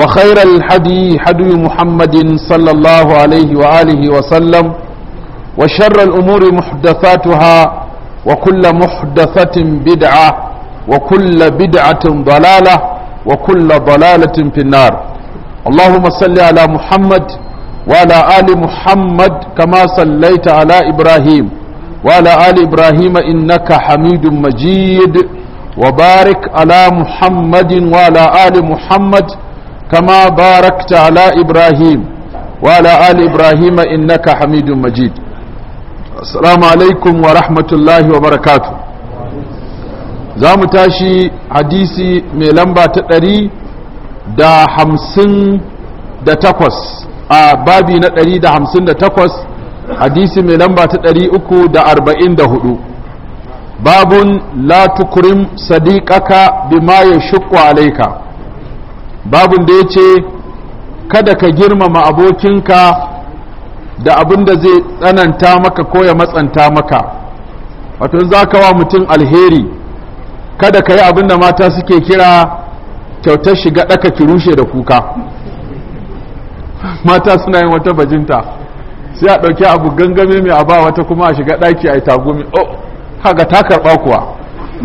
وخير الحدي حدي محمد صلى الله عليه وآله وسلم وشر الأمور محدثاتها وكل محدثة بدعة وكل بدعة ضلالة وكل ضلالة في النار اللهم صل على محمد وعلى آل محمد كما صليت على إبراهيم وعلى آل إبراهيم إنك حميد مجيد وبارك على محمد وعلى آل محمد كما باركت على إبراهيم وعلى آل إبراهيم إنك حميد مجيد السلام عليكم ورحمة الله وبركاته زام تاشي حديثي ميلمبا تتري دا حمسن دا تقوس بابي نتري دا حمسن دا تقوس حديثي ميلمبا تتري أكو دا أربعين دا هدو باب لا تكرم صديقك بما يشق عليك babun da ya ce kada ka girmama abokinka da abin da zai tsananta maka ko ya matsanta maka wato za ka wa mutum alheri kada ka yi abin da mata suke kira kyautar shiga ɗaka ki rushe da kuka mata suna yin wata bajinta sai a ɗauki abu gangame mai aba wata kuma a shiga ɗaki a yi tagumi oh haga ta karɓa kuwa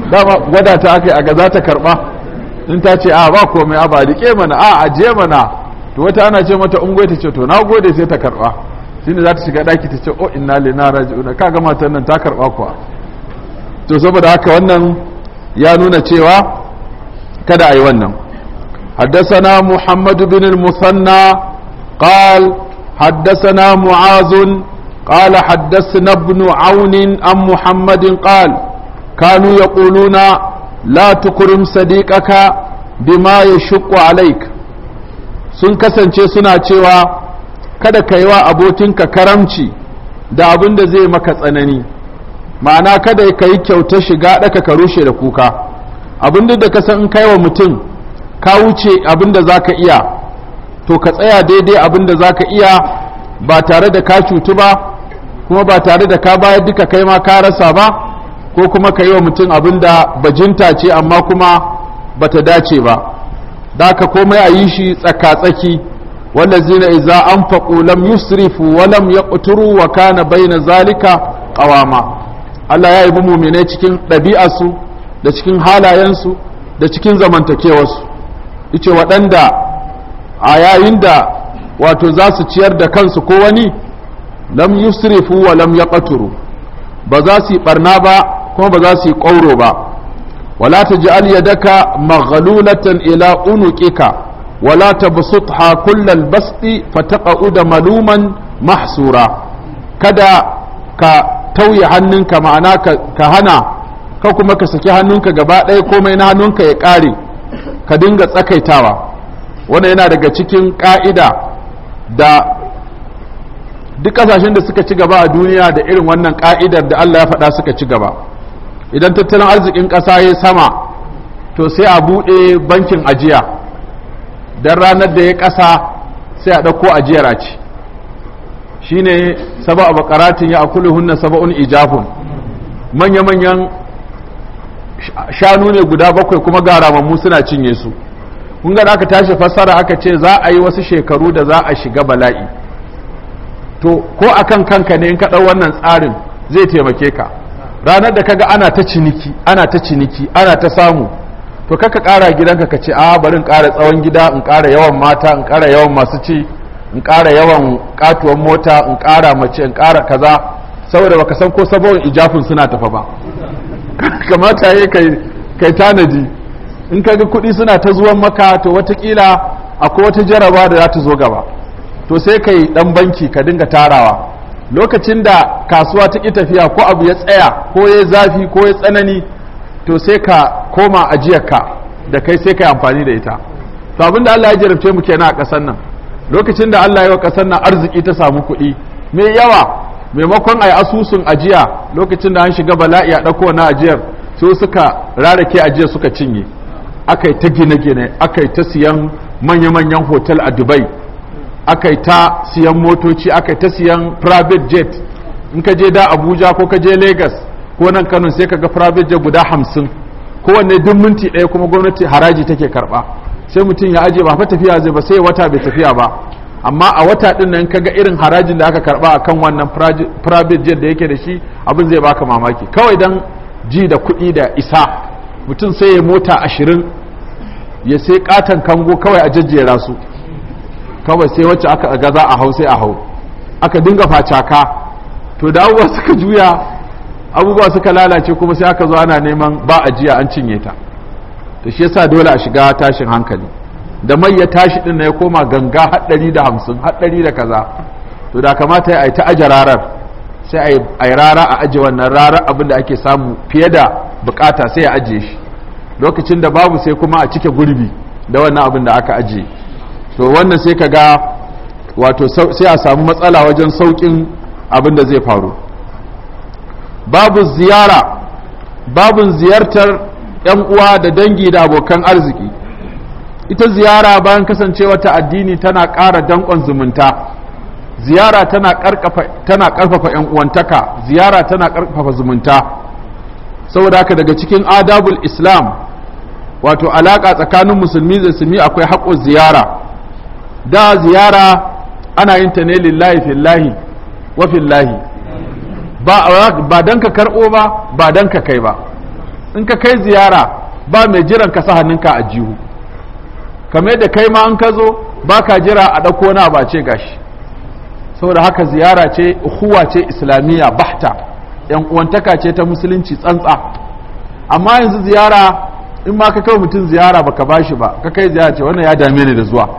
dama gwada ta aka yi aga za ta karɓa in ta ce a ah, ba komai a ba rike mana a aje mana to wata ana ce mata ungwai ta ce to na gode sai ta karba shine za ta shiga daki ta ce o oh, inna lina raji'un ka ga matan nan ta karba kuwa to saboda haka wannan ya nuna cewa kada a yi wannan حدثنا محمد بن المثنى قال حدثنا معاذ قال حدثنا ابن عون عن محمد قال كانوا يقولون la تكرم sadiqaka bima يشق عليك sun kasance suna cewa kada ka yi wa abokinka karamci da abin da zai maka tsanani ma'ana kada ka yi kyauta shiga ɗaka ka rushe da kuka abin da ka san in kai wa mutum ka wuce abin da za ka iya to ka tsaya daidai abin da za ka iya ba tare da ka cutu ba kuma ba tare da ka bayar duka kai ma ka rasa ba ko kuma ka yi wa mutum abin da bajinta ce amma kuma ba ta dace ba da ka komai a yi shi tsaka-tsaki zina iza faƙo lam yusrifu wa lam ƙuturu wa kana baina zalika Ƙawama. Allah ya yi mu'minai cikin ɗabi'arsu da cikin halayensu da cikin zamantakewarsu ice waɗanda a yayin da wato za su ciyar da kansu ko wani lam yusrifu wa lam ya ƙuturu. ba za su yi ɓarna ba kuma ba za su yi ƙauro ba wala ta taj'al yadaka maghlulatan ila unuqika wala ta busutha kullal basti fataqa'uda maluman mahsura kada ka tauye hannunka ma'ana ka hana ka kuma ka saki hannunka gaba ɗaya komai na hannunka ya ƙare ka dinga tsakaitawa wannan yana daga cikin ƙa'ida da duk ƙasashen da suka ci gaba a duniya da irin wannan ƙa'idar da Allah ya faɗa suka ci gaba idan tattalin arzikin ƙasa ya sama to sai a buɗe bankin ajiya don ranar da ya ƙasa sai a ɗauko ajiyar a ci shi ne saba a bakaratin ya akulu hunna saba'un ijafun manya-manyan shanu ne guda bakwai kuma garamammu suna cinye su kun ga aka tashi fassara aka ce za a yi wasu shekaru da za a shiga bala'i to ko akan kanka ne in ka ɗau wannan tsarin zai taimake ka ranar da kaga ana ta ciniki ana ta ciniki ana ta samu to kaka kara gidanka ka ce a bari in kara tsawon gida in ƙara yawan mata in kara yawan masu ci in ƙara yawan katuwan mota in ƙara mace in ƙara kaza saboda baka san ko sabon ijafin suna tafa ba kamata ya kai tanadi in ga kuɗi suna ta zuwan maka to watakila akwai wata jaraba da za ta zo gaba to sai kai dan banki ka dinga tarawa lokacin da kasuwa ta ƙi tafiya ko abu ya tsaya ko ya zafi ko ya tsanani to sai ka koma ajiyarka da kai sai ka yi amfani da ita to abin da Allah ya jarabce mu kenan a ƙasar nan lokacin da Allah ya wa ƙasar nan arziki ta samu kuɗi mai yawa maimakon a yi asusun ajiya lokacin da an shiga bala'i a ɗauko na ajiyar su suka rarake ajiyar suka cinye aka ta gine-gine akai ta siyan manya-manyan hotel a dubai aka ta siyan motoci aka ta siyan private jet in ka je da abuja ko ka je lagos ko nan kano sai ka ga private jet guda hamsin kowanne duk minti ɗaya kuma gwamnati haraji take karɓa sai mutum ya aje ba fa tafiya zai ba sai wata bai tafiya ba amma a wata ɗin nan ka ga irin harajin da aka karɓa kan wannan private jet da yake da shi abin zai baka mamaki kawai dan ji da kuɗi da isa mutum sai ya mota ashirin ya sai katon kango kawai a jajjera su kawai sai wacce aka ga za a hau sai a hau aka dinga facaka to da abubuwa suka juya abubuwa suka lalace kuma sai aka zo ana neman ba a jiya an cinye ta to shi yasa dole a shiga tashin hankali da mai ya tashi din na ya koma ganga haɗari da hamsin haɗari da kaza to da kamata a yi ta aje rarar sai a yi rara a aje wannan rarar abin da ake samu fiye da bukata sai a ajiye shi lokacin da babu sai kuma a cike gurbi da wannan abin da aka ajiye to wannan sai ka ga wato sai a samu matsala wajen saukin abin da zai faru babu ziyara babun ziyartar 'yan uwa da dangi da abokan arziki ita ziyara bayan kasancewa ta addini tana ƙara danƙon zumunta ziyara tana ƙarfafa 'yan uwantaka ziyara tana ƙarfafa zumunta saboda haka daga cikin adabul islam wato alaƙa tsakanin musulmi da musulmi akwai haƙƙo ziyara da ziyara ana yin ta ne lillahi fillahi wa fillahi ba dan ka karbo ba ba dan ka kai ba in ka kai ziyara ba mai jiran ka sa hannunka a jihu kamar da kai ma an ka zo ba ka jira a ɗauko na ba ce gashi saboda haka ziyara ce huwa ce islamiyya bahta yan uwantaka ce ta musulunci tsantsa amma yanzu ziyara in ma ka kai mutum ziyara baka bashi ba ka kai ziyara ce wannan ya dame ni da zuwa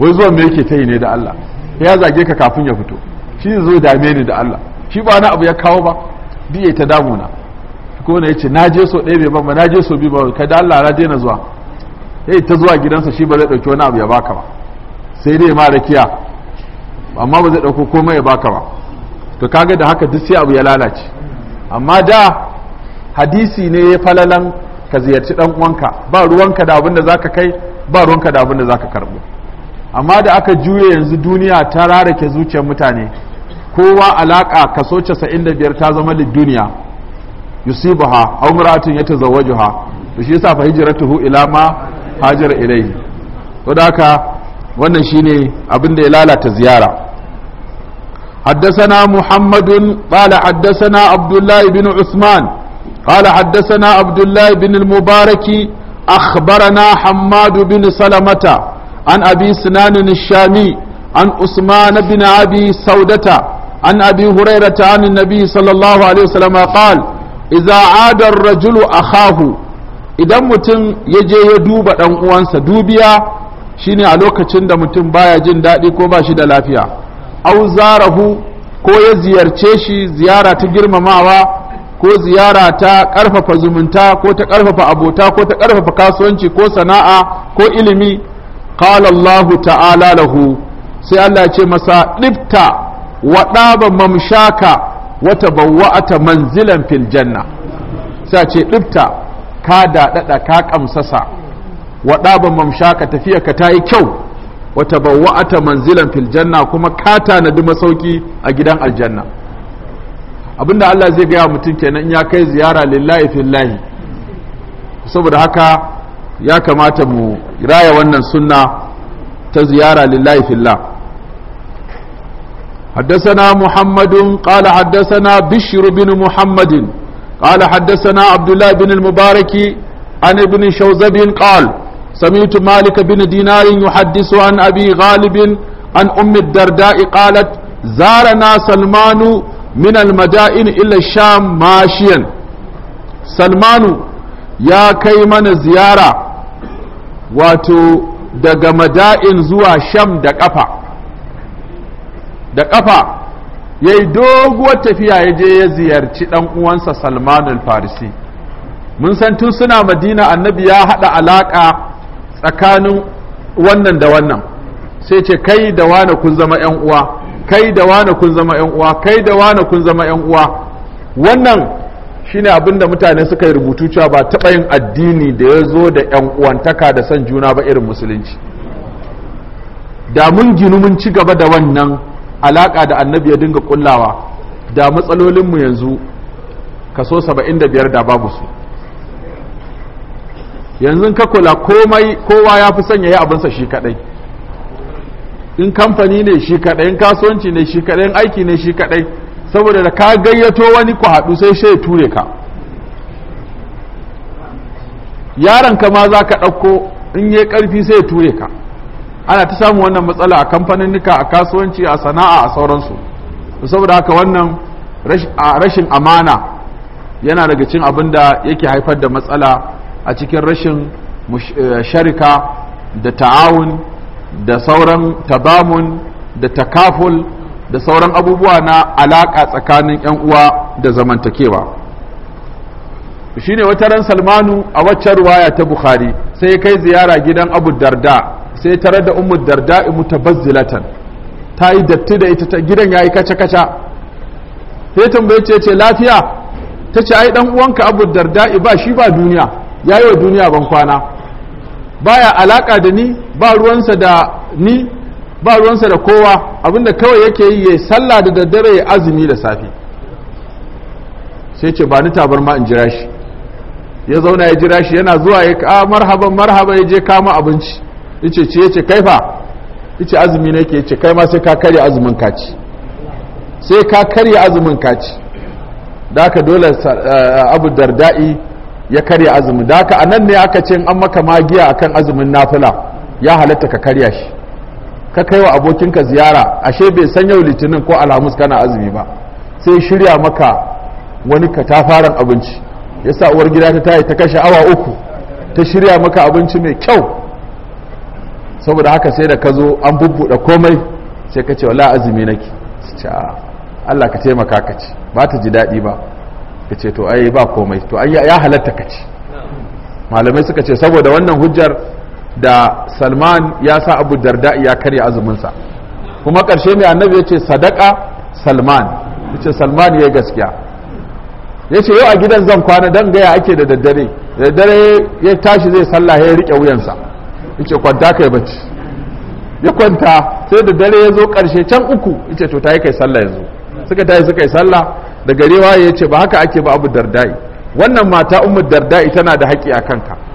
wai zuwa me yake ta yi ne da Allah ya zage ka kafin ya fito shi zo dame ni da Allah shi ba wani abu ya kawo ba biye ta damuna ko na yace na je so ɗaya bai ban ba na je so biyu ba kai da Allah na je na zuwa eh ta zuwa gidansa shi ba zai dauki wani abu ya baka ba sai dai ma rakiya amma ba zai dauko komai ya baka ba to kaga da haka duk sai abu ya lalace amma da hadisi ne ya falalan ka ziyarci dan uwanka ba ruwanka da abin da zaka kai ba ruwanka da abin da zaka karbo amma da aka juye yanzu duniya ta rarake zuciyar mutane kowa alaka kaso 95 ta zama duniya yusibaha aw tazawwaju yatazawwajuha to shi yasa fa hijratuhu ila ma hajar ilayhi to haka wannan shine abin da ya lalata ziyara حدثنا محمد قال حدثنا عبد الله بن عثمان قال حدثنا عبد الله بن المبارك أخبرنا حماد بن سلمة عن أبي سنان الشامي عن أسمان بن أبي سودة عن أبي هريرة عن النبي صلى الله عليه وسلم قال إذا عاد الرجل أخاه idan mutum ya je ya duba ɗan uwansa dubiya shine a lokacin da mutum baya jin daɗi ko ba shi da lafiya au zarahu ko ya ziyarce shi ziyara ta girmamawa ko ziyara ta ƙarfafa zumunta ko ta ƙarfafa abota ko ta ƙarfafa kasuwanci ko sana'a ko ilimi qala Allah ta'ala lahu sai Allah ya ce masa ɗifta wa ɗaba mamshaka wata bawwa'ata manzilan fil janna sai ce ɗifta ka daɗaɗa ka ƙamsasa wa ɗaba mamshaka tafiya ka ta yi kyau wata bawwa'ata manzilan fil janna kuma ka tanadi masauki a gidan aljanna abinda Allah zai gaya mutum kenan ya kai ziyara lillahi fillahi saboda haka ya kamata mu raya wannan sunna ta ziyara lillahi fillah حدثنا محمد قال حدثنا بشر بن محمد قال حدثنا عبد الله بن المبارك عن ابن شوزب قال سمعت مالك بن دينار يحدث عن أبي غالب عن أم الدرداء قالت زارنا سلمان من المدائن إلى الشام ماشيا سلمان يا كيمن زيارة wato daga mada'in zuwa sham da ƙafa da ƙafa ya yi doguwar tafiya ya je ya ziyarci ɗan uwansa salman al-farisi mun san tun suna madina annabi ya haɗa alaƙa tsakanin wannan da wannan sai ce kai da wane kun zama 'yan uwa kai da wane kun zama 'yan uwa kai da wane kun zama 'yan uwa wannan shine abinda mutane suka yi rubutu cewa ba taɓa yin addini da ya zo da yan uwantaka da son juna ba irin musulunci da mun ginu mun ci gaba da wannan alaƙa da annabi ya dinga kullawa da matsalolinmu yanzu kaso 75 da babu su yanzu ka kula komai kowa ya fi sanya ya abinsa shi kaɗai. in kamfani ne shi kaɗai, in kasuwanci ne shi kaɗai, in aiki ne shi kaɗai. saboda da ka gayyato wani ku haɗu sai shai ture ka yaron ka ma za ka ɗauko in yi ƙarfi sai ture ka ana ta samu wannan matsala a kamfanin nika a kasuwanci a sana'a a sauransu saboda haka wannan rashin amana yana daga cin abin da yake haifar da matsala a cikin rashin eh, sharika da ta'awun da sauran tabamun da takaful da sauran abubuwa na alaƙa tsakanin 'yan uwa da zamantakewa shine wata ran salmanu a waccan ruwaya ta bukhari sai ya kai ziyara gidan abu darda sai tare da ummu darda tabazzilatan ta yi datti da ita ta gidan yi kaca kaca sai tambaye ce ce lafiya ta ce ai dan uwanka abu darda ba shi ba duniya yayi wa duniya ban kwana baya alaka da ni ba ruwansa da ni ba ruwansa da kowa abinda kawai yake yi ya sallah da daddare ya azumi da safe sai ce ba ni tabarma in jira shi ya zauna ya jira shi yana zuwa ya ka ah, marhaban marhaba ya je kama abinci ya ce ya ce kai fa ce azumi na ke ce kai ma sai ka karya azumin kaci sai ka karya azumin kaci da aka dole eh, abu dardai ya karya azumi da aka anan ne aka ce an maka magiya akan azumin nafila ya halatta ka karya shi ka kai wa abokinka ziyara ashe bai san yau litinin ko alhamis kana azumi ba sai shirya maka wani katafaren abinci yasa uwar gida ta tayi ta kashe awa uku ta shirya maka abinci mai kyau saboda haka sai da ka zo an bubbuɗe komai sai ka ce wala azumi nake ce Allah ka taimaka ka ci ba ta ji daɗi ba ka ce to ai ba komai to ya halatta ka ci malamai suka ce saboda wannan hujjar da salman ya sa abu darda ya karya azuminsa kuma ƙarshe mai annabi ya ce sadaka salman ya ce salman ya gaskiya ya ce yau a gidan zan kwana don gaya ake da daddare daddare ya tashi zai sallah ya riƙe wuyansa ya ce kwanta kai bacci ya kwanta sai da dare ya zo ƙarshe can uku ya ce to ta yi kai sallah yanzu suka tashi suka yi sallah da garewa ya ce ba haka ake ba abu dardai wannan mata umar dardai tana da haƙƙi a kanka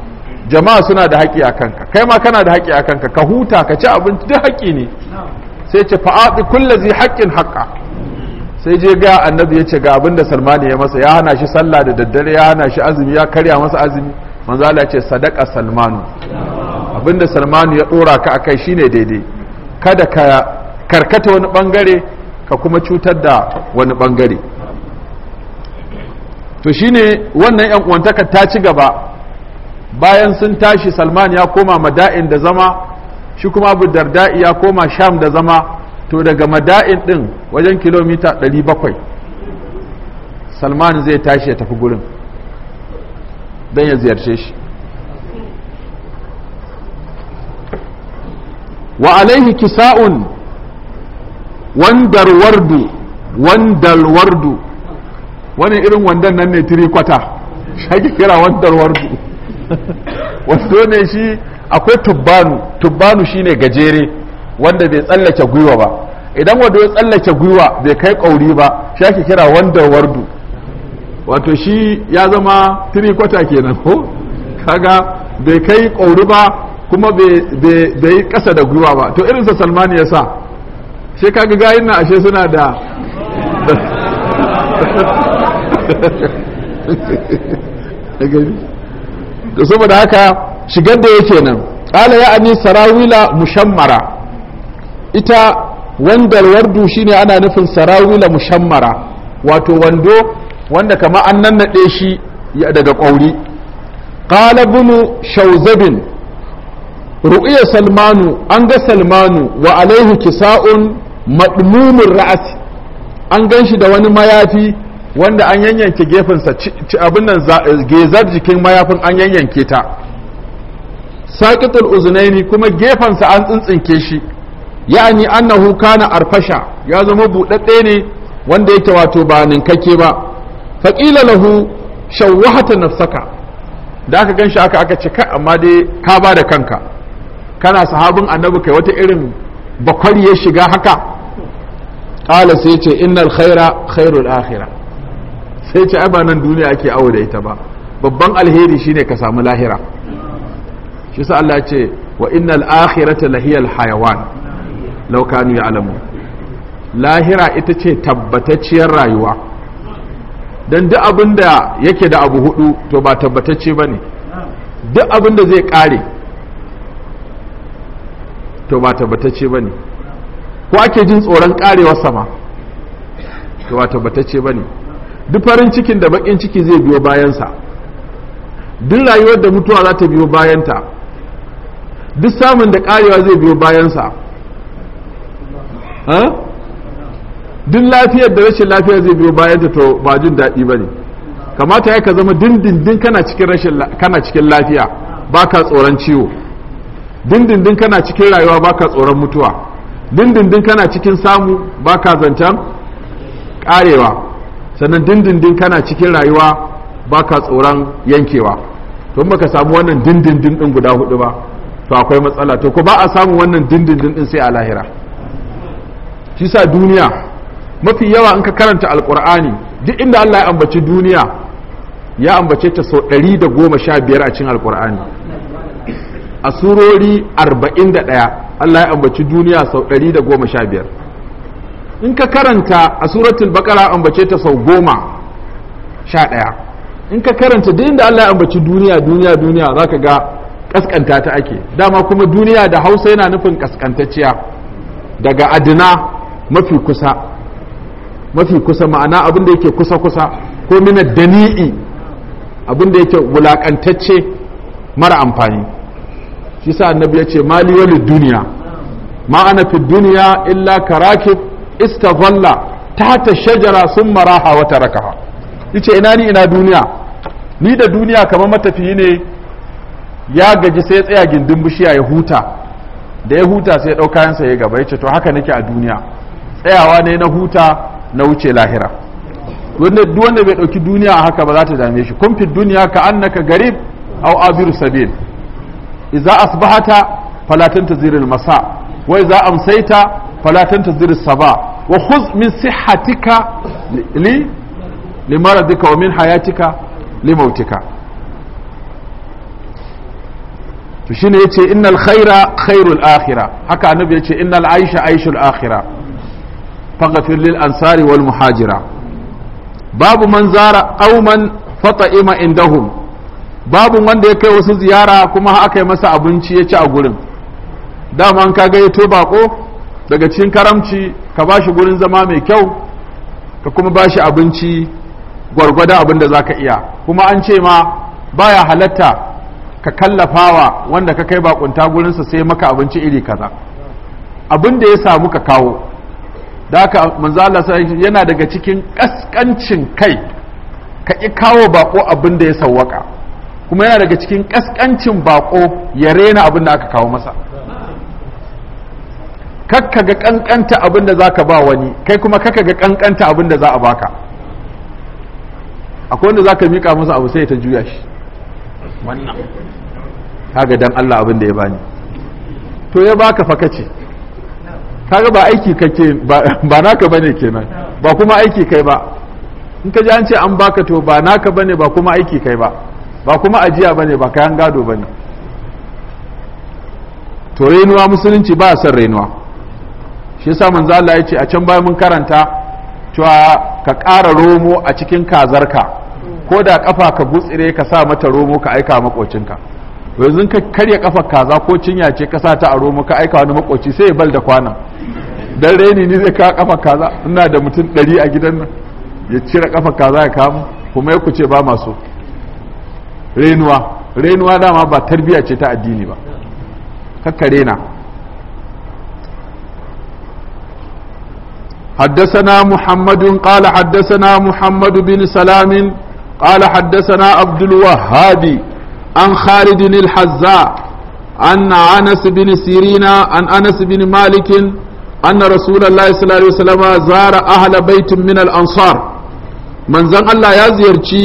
jama'a suna da haƙi a kanka kai ma kana da haƙi a kanka ka huta ka ci abinci duk haƙi ne sai ce fa'aɗi kullazi haƙƙin haƙƙa sai je ga annabi ya ce ga abin da salmani ya masa ya hana shi sallah da daddare ya hana shi azumi ya karya masa azumi manzo Allah ya ce sadaka salmanu abin da salmanu ya dora ka akai shine daidai kada ka karkata wani bangare ka kuma cutar da wani bangare to shine wannan yan uwantaka ta ci gaba bayan sun tashi salman ya koma mada'in da zama shi kuma abu darda'i ya koma sham da zama to daga mada'in din wajen kilomita 700 salman zai tashi ya tafi gurin don ya ziyarce shi wa alaihi kisa'un wandar wardu wandar wardu wani irin wandan nan ne tiri kwata shi kira wandar wardu wando ne shi akwai tubbanu tubbanu shine gajere wanda bai tsallake gwiwa ba idan wanda ya tsallake gwiwa bai kai kauri ba shi ake kira wanda wardu wato shi ya zama tiri kwata kenan ko kaga bai kai kauri ba kuma bai yi kasa da gwiwa ba to irinsa salmani ya sa shi kaga gayin na ashe suna da you. da saboda haka shigar da yake nan ƙala ya ani sarawila mushammara ita wandar wardu shine ana nufin sarawila mushammara wato wando wanda kama an nannaɗe shi daga ƙwauri ƙala bunu shauzabin ru'iya salmanu an ga salmanu wa alaihi kisa'un maɗumumin ra'asi an gan shi da wani mayafi wanda an yanyanke gefensa abin nan eh, gezar jikin mayafin an yanyanke ta saƙitul uzunaini kuma gefensa an tsintsinke shi ya'ani annahu kana arfasha ya zama buɗaɗɗe ne wanda yake wato ba ninkake ba faƙila lahu shawwahata nafsaka da aka ganshi aka aka cika amma dai ka ba da kanka kana sahabin annabi kai wata irin bakwari ya shiga haka ƙala sai ce innal khaira khairul akhirah sai ce ba nan duniya ake awo da ita ba babban alheri shine ka samu lahira shi sa Allah ce wa innal akhirata lahiyal hayawan law kanu ya'lamu lahira ita ce tabbatacciyar rayuwa dan duk abinda yake da abu hudu to ba tabbatacce bane duk abinda zai kare to ba tabbatacce bane ko ake jin tsoron karewar sama to ba tabbatacce bane duk farin cikin da bakin ciki zai biyo bayansa duk rayuwar da mutuwa za ta biyo bayanta duk samun da karewa zai biyo bayansa duk lafiyar da rashin lafiya zai biyo bayanta to ba jin daɗi ba ne kamata ya ka zama dindindin kana cikin rashin ba ka tsoron ciwo dindindin kana cikin rayuwa ba ka tsoron mutuwa dindindin kana cikin samu ba ka zantan karewa sannan dindindin kana cikin rayuwa ba ka tsoron yankewa to baka samu wannan dindindin din guda hudu ba to akwai matsala to ko ba a samu wannan dindindin din sai a lahira shi sa duniya mafi yawa in ka karanta alkur'ani duk inda Allah ya ambaci duniya ya ambace ta sau 115 a cikin alkur'ani a surori 41 Allah ya ambaci duniya sau 115 in ka karanta a suratul baqara ambace ta sau goma sha ɗaya in ka karanta duk inda Allah ya ambaci duniya duniya duniya za ka ga kaskanta ta ake dama kuma duniya da hausa yana nufin kaskantacciya daga adina mafi kusa mafi kusa ma'ana abin da yake kusa kusa ko mina dani'i abin da yake wulakantacce mara amfani shi sa annabi ya ce mali duniya ma'ana fi duniya illa karakif. istazalla tata shajara sun maraha wata rakaha yace ina ni ina duniya ni da duniya kamar matafiyi ne ya gaji sai ya tsaya gindin bishiya ya huta da ya huta sai ya ɗau kayansa ya gaba yace to haka nake a duniya tsayawa ne na huta na wuce lahira wanda duk bai ɗauki duniya a haka ba za ta dame shi kun fi duniya ka annaka garib au abiru sabil idza asbahata fala tantazir al masa wa idza amsayta fala tantazir as sabah wa khudh min sihhatika li li maradika wa min hayatika li mautika to shine yace innal khaira khairul akhirah haka annabi yace innal aisha aishul akhirah faghfir lil ansari wal muhajira babu man zara aw man fata'ima indahum babu wanda ya kai wasu ziyara kuma aka yi masa abinci ya ci a gurin dama an ka gayyato baƙo. daga cikin karamci ka ba shi gurin zama mai kyau ka kuma ba shi abinci gwargwada abin da za ka iya kuma an ce ma baya halatta ka kallafawa wanda ka kai bakunta gurinsa sai maka abinci iri kaza abin da ya samu ka kawo da haka manzo yana daga cikin ƙasƙancin kai ka ƙi kawo bako abin da ya sawwaka kuma yana daga cikin kaskancin bako ya rena abin da aka kawo masa kakka ga kankanta abin da za ka ba wani kai kuma kakka ga kankanta abin da za a baka akwai wanda za ka mika masa abu sai ta juya shi wannan kaga dan Allah abin da ya bani to ya baka fa kace kaga ba aiki kake ba naka bane kenan ba kuma aiki kai ba in ka ji an ce an baka to ba naka bane ba kuma aiki kai ba ba kuma ajiya bane ba kayan gado bane to rainuwa musulunci ba son rainuwa. shi yasa manzo Allah ya a can bayan mun karanta cewa ka ƙara romo a cikin kazarka ko da kafa ka gutsire ka sa mata romo ka aika makocinka yanzu ka karya kafar kaza ko cinya ce ka sa ta a romo ka aika wani makoci sai ya bal da kwana dan reni ni zai ka kafar kaza ina da mutum ɗari a gidan nan ya cire kafar kaza ya kama kuma ya ce ba masu renuwa renuwa dama ba tarbiya ce ta addini ba kakka rena حدثنا محمد قال حدثنا محمد بن سلام قال حدثنا عبد الوهاب عن خالد الحزاء عن انس بن سيرين عن انس بن مالك ان رسول الله صلى الله عليه وسلم زار اهل بيت من الانصار من زن الله يا زيارتي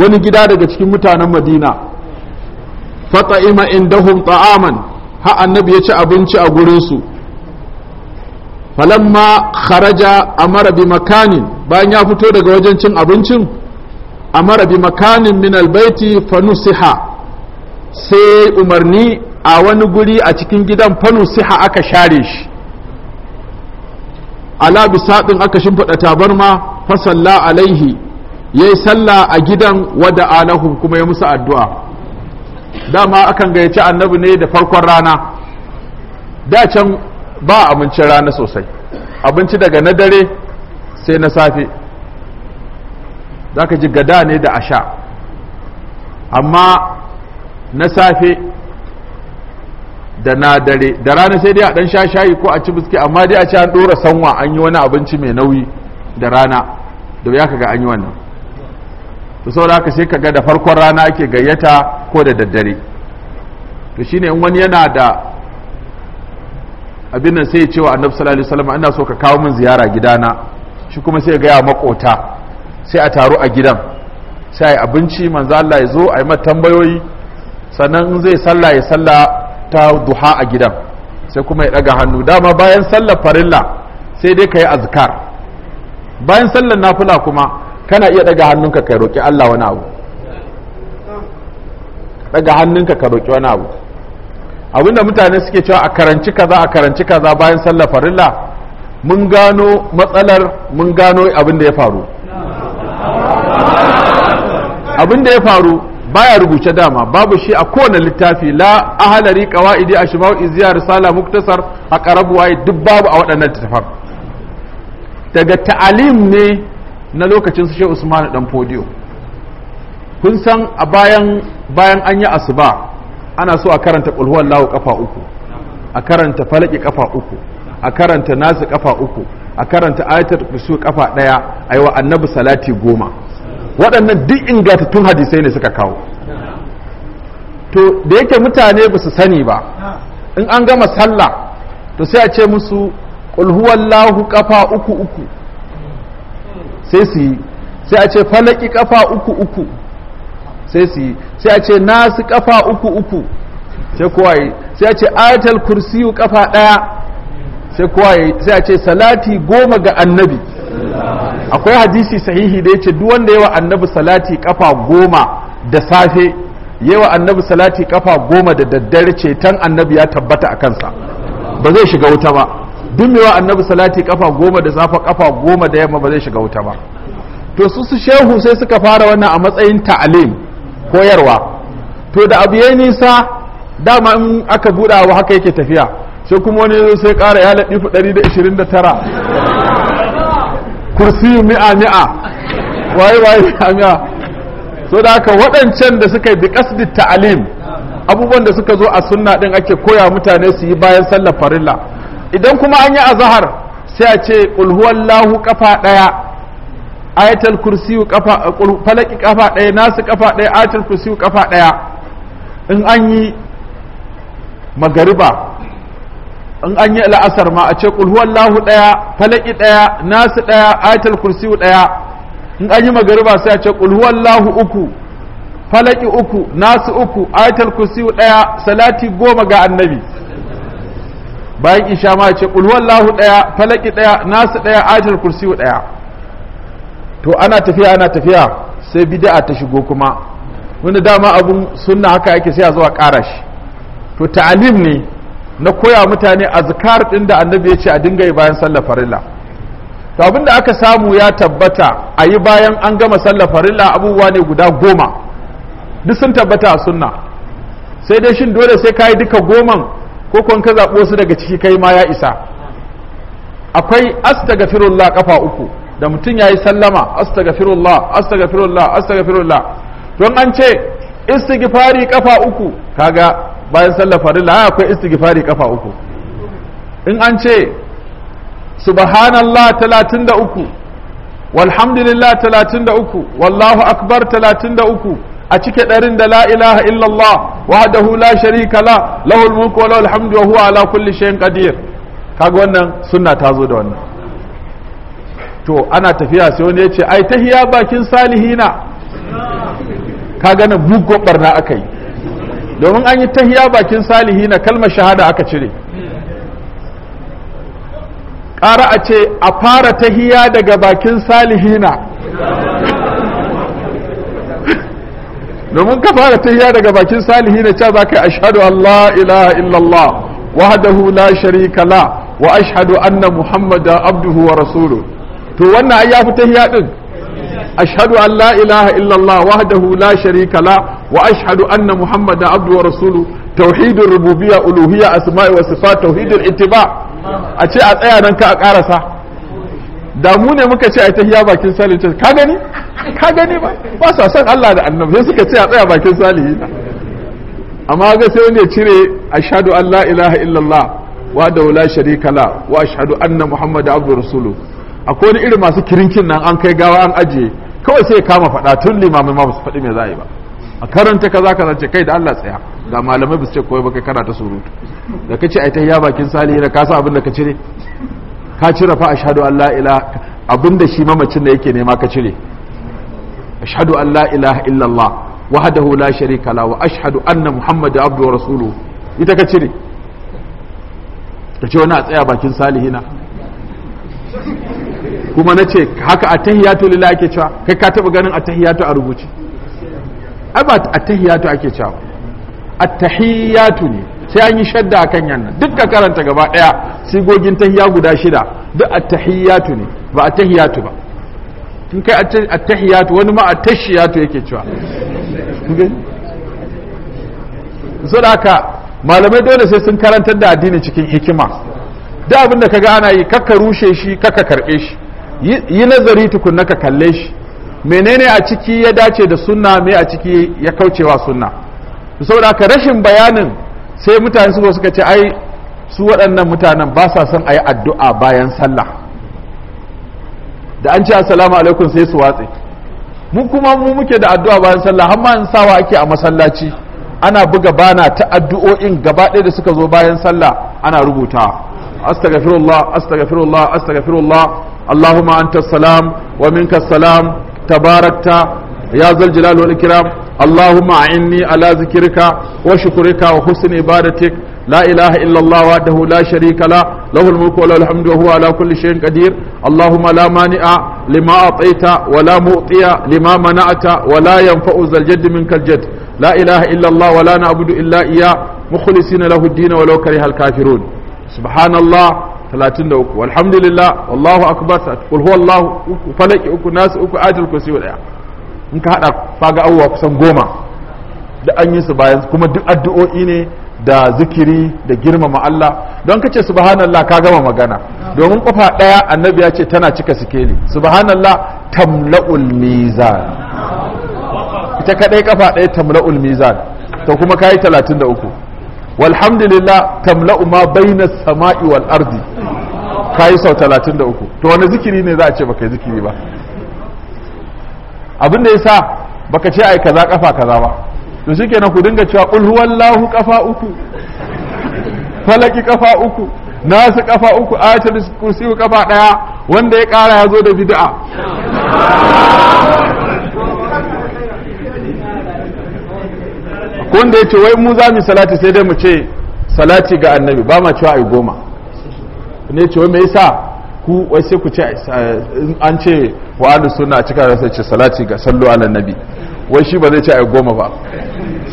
wani gida daga cikin mutanen madina fata'ima indahum ta'aman ha annabi ya ci abinci a gurinsu falamma kharaja amara bi makanin bayan ya fito daga wajen cin abincin amara bi makanin min albaiti fanusiha sai umarni a wani guri a cikin gidan fanusiha aka share shi ala bisaɗin aka shimfiɗa tabarma fasalla alaihi ya yi sallah a gidan wada alahum kuma ya musu addu'a dama akan gayyaci annabi ne da farkon rana da can ba abincin rana sosai abinci daga na dare sai na safe za ji gada ne da asha amma na safe da na dare da rana sai dai a dan sha shayi ko a ci biski amma dai a ci an dora sanwa an yi wani abinci mai nauyi da rana da ya kaga an yi wannan to saboda haka sai kaga da farkon rana ake gayyata ko da daddare to shine in wani yana da abin nan sai ya ce wa annabi sallallahu alaihi wasallam ina so ka kawo min ziyara gidana shi kuma sai ya ga ya makota sai a taru a gidan sai ai abinci manzo Allah ya zo ai mata tambayoyi sannan in zai salla ya salla ta duha a gidan sai kuma ya daga hannu dama bayan sallar farilla sai dai kai azkar bayan sallar nafila kuma kana iya daga hannunka kai roki Allah wani abu daga hannunka ka roki wani abu abinda mutane suke cewa a karanci kaza a karanci kaza bayan sallar farilla mun gano matsalar mun gano abin da ya faru abin da ya faru baya rubuce dama babu shi a kowane littafi la ahalari qawaidi ashbau izya risala muktasar aqrabu wa duk babu a waɗannan tafar daga ta'alim ne na lokacin su Sheikh Usman dan Fodiyo kun san a bayan bayan an yi asuba ana so a karanta ƙulhuwan lawo kafa uku a karanta falaki kafa uku a karanta nasu kafa uku a karanta ayatar kusur kafa ɗaya. a yi wa annabi salati goma waɗannan duk ingantattun hadisai ne suka kawo to da yake mutane ba su sani ba in an gama sallah to sai a ce musu lahu kafa uku uku sai su yi sai a ce falaki kafa uku uku sai su yi sai a ce nasu kafa uku uku sai kuwa yi sai a ce ayatul kursiyu kafa daya sai kowa yi sai a ce salati goma ga annabi akwai hadisi sahihi da yace duk wanda yawa annabi salati kafa goma da safe yawa annabi salati kafa goma da daddare ce tan annabi ya tabbata a kansa ba zai shiga wuta ba duk mewa annabi salati kafa goma da safe kafa goma da yamma ba zai shiga wuta ba to su su shehu sai suka fara wannan a matsayin ta'alim koyarwa to da abu ya nisa dama in aka buɗa wa haka yake tafiya sai kuma wani yanzu sai ƙara ya da tara. kursi mi'a mi'a waye waye mi'a mi'a so da haka waɗancan da suka yi biƙasdi ta'alim abubuwan da suka zo a sunna ɗin ake koya mutane su yi bayan sallar farilla idan kuma an yi azahar sai a ce ulhuwallahu kafa ɗaya ayatul kursiyu kafa falaki kafa ɗaya nasu kafa ɗaya ayatul kursiyu kafa ɗaya in an yi magariba in an yi la'asar ma a ce kul huwallahu ɗaya falaki ɗaya nasu ɗaya ayatul kursiyu ɗaya in an yi magariba sai a ce kul huwallahu uku falaki uku nasu uku ayatul kursiyu ɗaya salati goma ga annabi bayan isha ma a ce kul huwallahu ɗaya falaki ɗaya nasu ɗaya ayatul kursiyu ɗaya to ana tafiya ana tafiya sai bid'a ta shigo kuma wanda dama abun sunna haka yake sai a zuwa ƙara shi to ta'alim ne na koya mutane azkar din da annabi ya ce a dinga yi bayan sallar farilla to abin da aka samu ya tabbata a yi bayan an gama sallar farilla abubuwa ne guda goma duk sun tabbata a sunna sai dai shin dole sai ka yi duka goman ko kwan ka zaɓo su daga ciki kai ma ya isa akwai astaghfirullah kafa uku da mutum ya yi sallama astaghfirullah astaghfirullah astaghfirullah don an ce istighfari kafa uku kaga bayan sallar farilla akwai istighfari kafa uku in an ce subhanallah 33 walhamdulillah 33 wallahu akbar 33 a cike ɗarin da la ilaha illallah wahdahu la sharika la lahul mulku wa lahul hamdu wa huwa ala kulli shay'in qadir kaga wannan sunna ta zo da wannan to ana tafiya sai wani ya ce ai tahiya bakin salihi na? ka gane mugun barna aka yi domin an yi tahiya bakin salihi na, kalmar shahada aka cire ƙara a ce a fara tahiya daga bakin salihi na? domin ka fara tahiya daga bakin salihi salihina cewa za ka yi ashadu Allah ilaha illallah wahdahu la sharika la wa ashhadu anna muhammadan abduhu wa rasuluhu to wannan ai ya fi tahiya din ashhadu an la ilaha illallah wahdahu la sharika la wa ashhadu anna muhammadan abdu wa rasulu tauhidur rububiyya uluhiyya asma'i wa sifat tauhidul ittiba a ce a tsaya nan ka a karasa da mu ne muka ce a tahiya bakin salihin ce ka gani ka gani ba ba sa san Allah da annabi sai suka ce a tsaya bakin salihin amma ga sai wanda ya cire ashhadu an la ilaha illallah wa da la sharika la wa ashhadu anna muhammadan abdu rasulu akwai wani irin masu kirinkin nan an kai gawa an ajiye kawai sai kama faɗa tun limamai ma su faɗi mai zai a yi ba a karanta kaza kaza ce kai da Allah tsaya ga malamai ba su ce koyi ba kai kana ta surutu da kace ai tayya bakin salihina ka sa abin da ka cire ka cire fa ashhadu an la abin da shi mamacin da yake nema ka cire ashhadu an la ilaha illallah wahdahu la sharika la wa ashhadu anna wa rasulu ita ka cire ka ce wani a tsaya bakin salihina kuma na ce haka a tahiyatu lillahi ake cewa kai ka taba ganin a tahiyatu a rubuce ai ba tahiyatu ake cewa tahiyatu ne sai an yi shadda akan yannan duk ka karanta gaba daya sigogin tahiya guda shida duk a tahiyatu ne ba a tahiyatu ba tun kai a tahiyatu wani ma a tashiyatu yake cewa so da haka malamai dole sai sun karantar da addini cikin hikima da abin da kaga ana yi kakka rushe shi kakka karbe shi yi nazari tukunna ka kalle shi menene a ciki ya dace da sunna me a ciki ya kaucewa sunna saboda ka rashin bayanin sai mutane su suka ce ai su waɗannan mutanen ba sa son a yi addu'a bayan sallah da an ce assalamu alaikum sai su watse mu kuma mu muke da addu'a bayan sallah amma in sawa ake a masallaci ana buga bana ta addu'o'in gaba ɗaya da suka zo bayan sallah ana rubutawa astaghfirullah astaghfirullah astaghfirullah اللهم أنت السلام ومنك السلام تباركت يا ذا الجلال والإكرام اللهم أعني على ذكرك وشكرك وحسن عبادتك لا إله إلا الله وحده لا شريك له له الملك وله الحمد وهو على كل شيء قدير اللهم لا مانع لما أعطيت ولا معطي لما منعت ولا ينفع ذا الجد منك الجد لا إله إلا الله ولا نعبد إلا إياه مخلصين له الدين ولو كره الكافرون سبحان الله talatin da uku alhamdulillah wallahu akbar kul huwallahu uku falaki uku nasu uku ajal kursi wa daya in ka hada kaga abubuwa kusan goma da an yi su bayan kuma duk addu'o'i ne da zikiri da girmama Allah don kace subhanallah ka gama magana domin kofa daya annabi ya ce tana cika sikeli subhanallah tamla'ul mizan ita kadai kafa daya tamla'ul mizan to kuma kai 33 walhamdulillah tamla'u ma baina sama'i wal ardi kai sau 33 to wani zikiri ne za a ce baka yi zikiri ba abin da yasa baka ce ai kaza kafa kaza ba to shikenan ku dinga cewa qul huwallahu kafa uku falaki kafa uku nasu kafa uku ayatul kursi kafa daya wanda ya kara ya zo da bid'a wanda ya ce wai mu za mu salati sai dai mu ce salati ga annabi ba ma cewa ai goma ne ce wai me yasa ku wai sai ku ce eh, an ce wa ahlus sunna cika da sai ce salati ga sallu ala nabi wai shi ba zai ce ai goma ba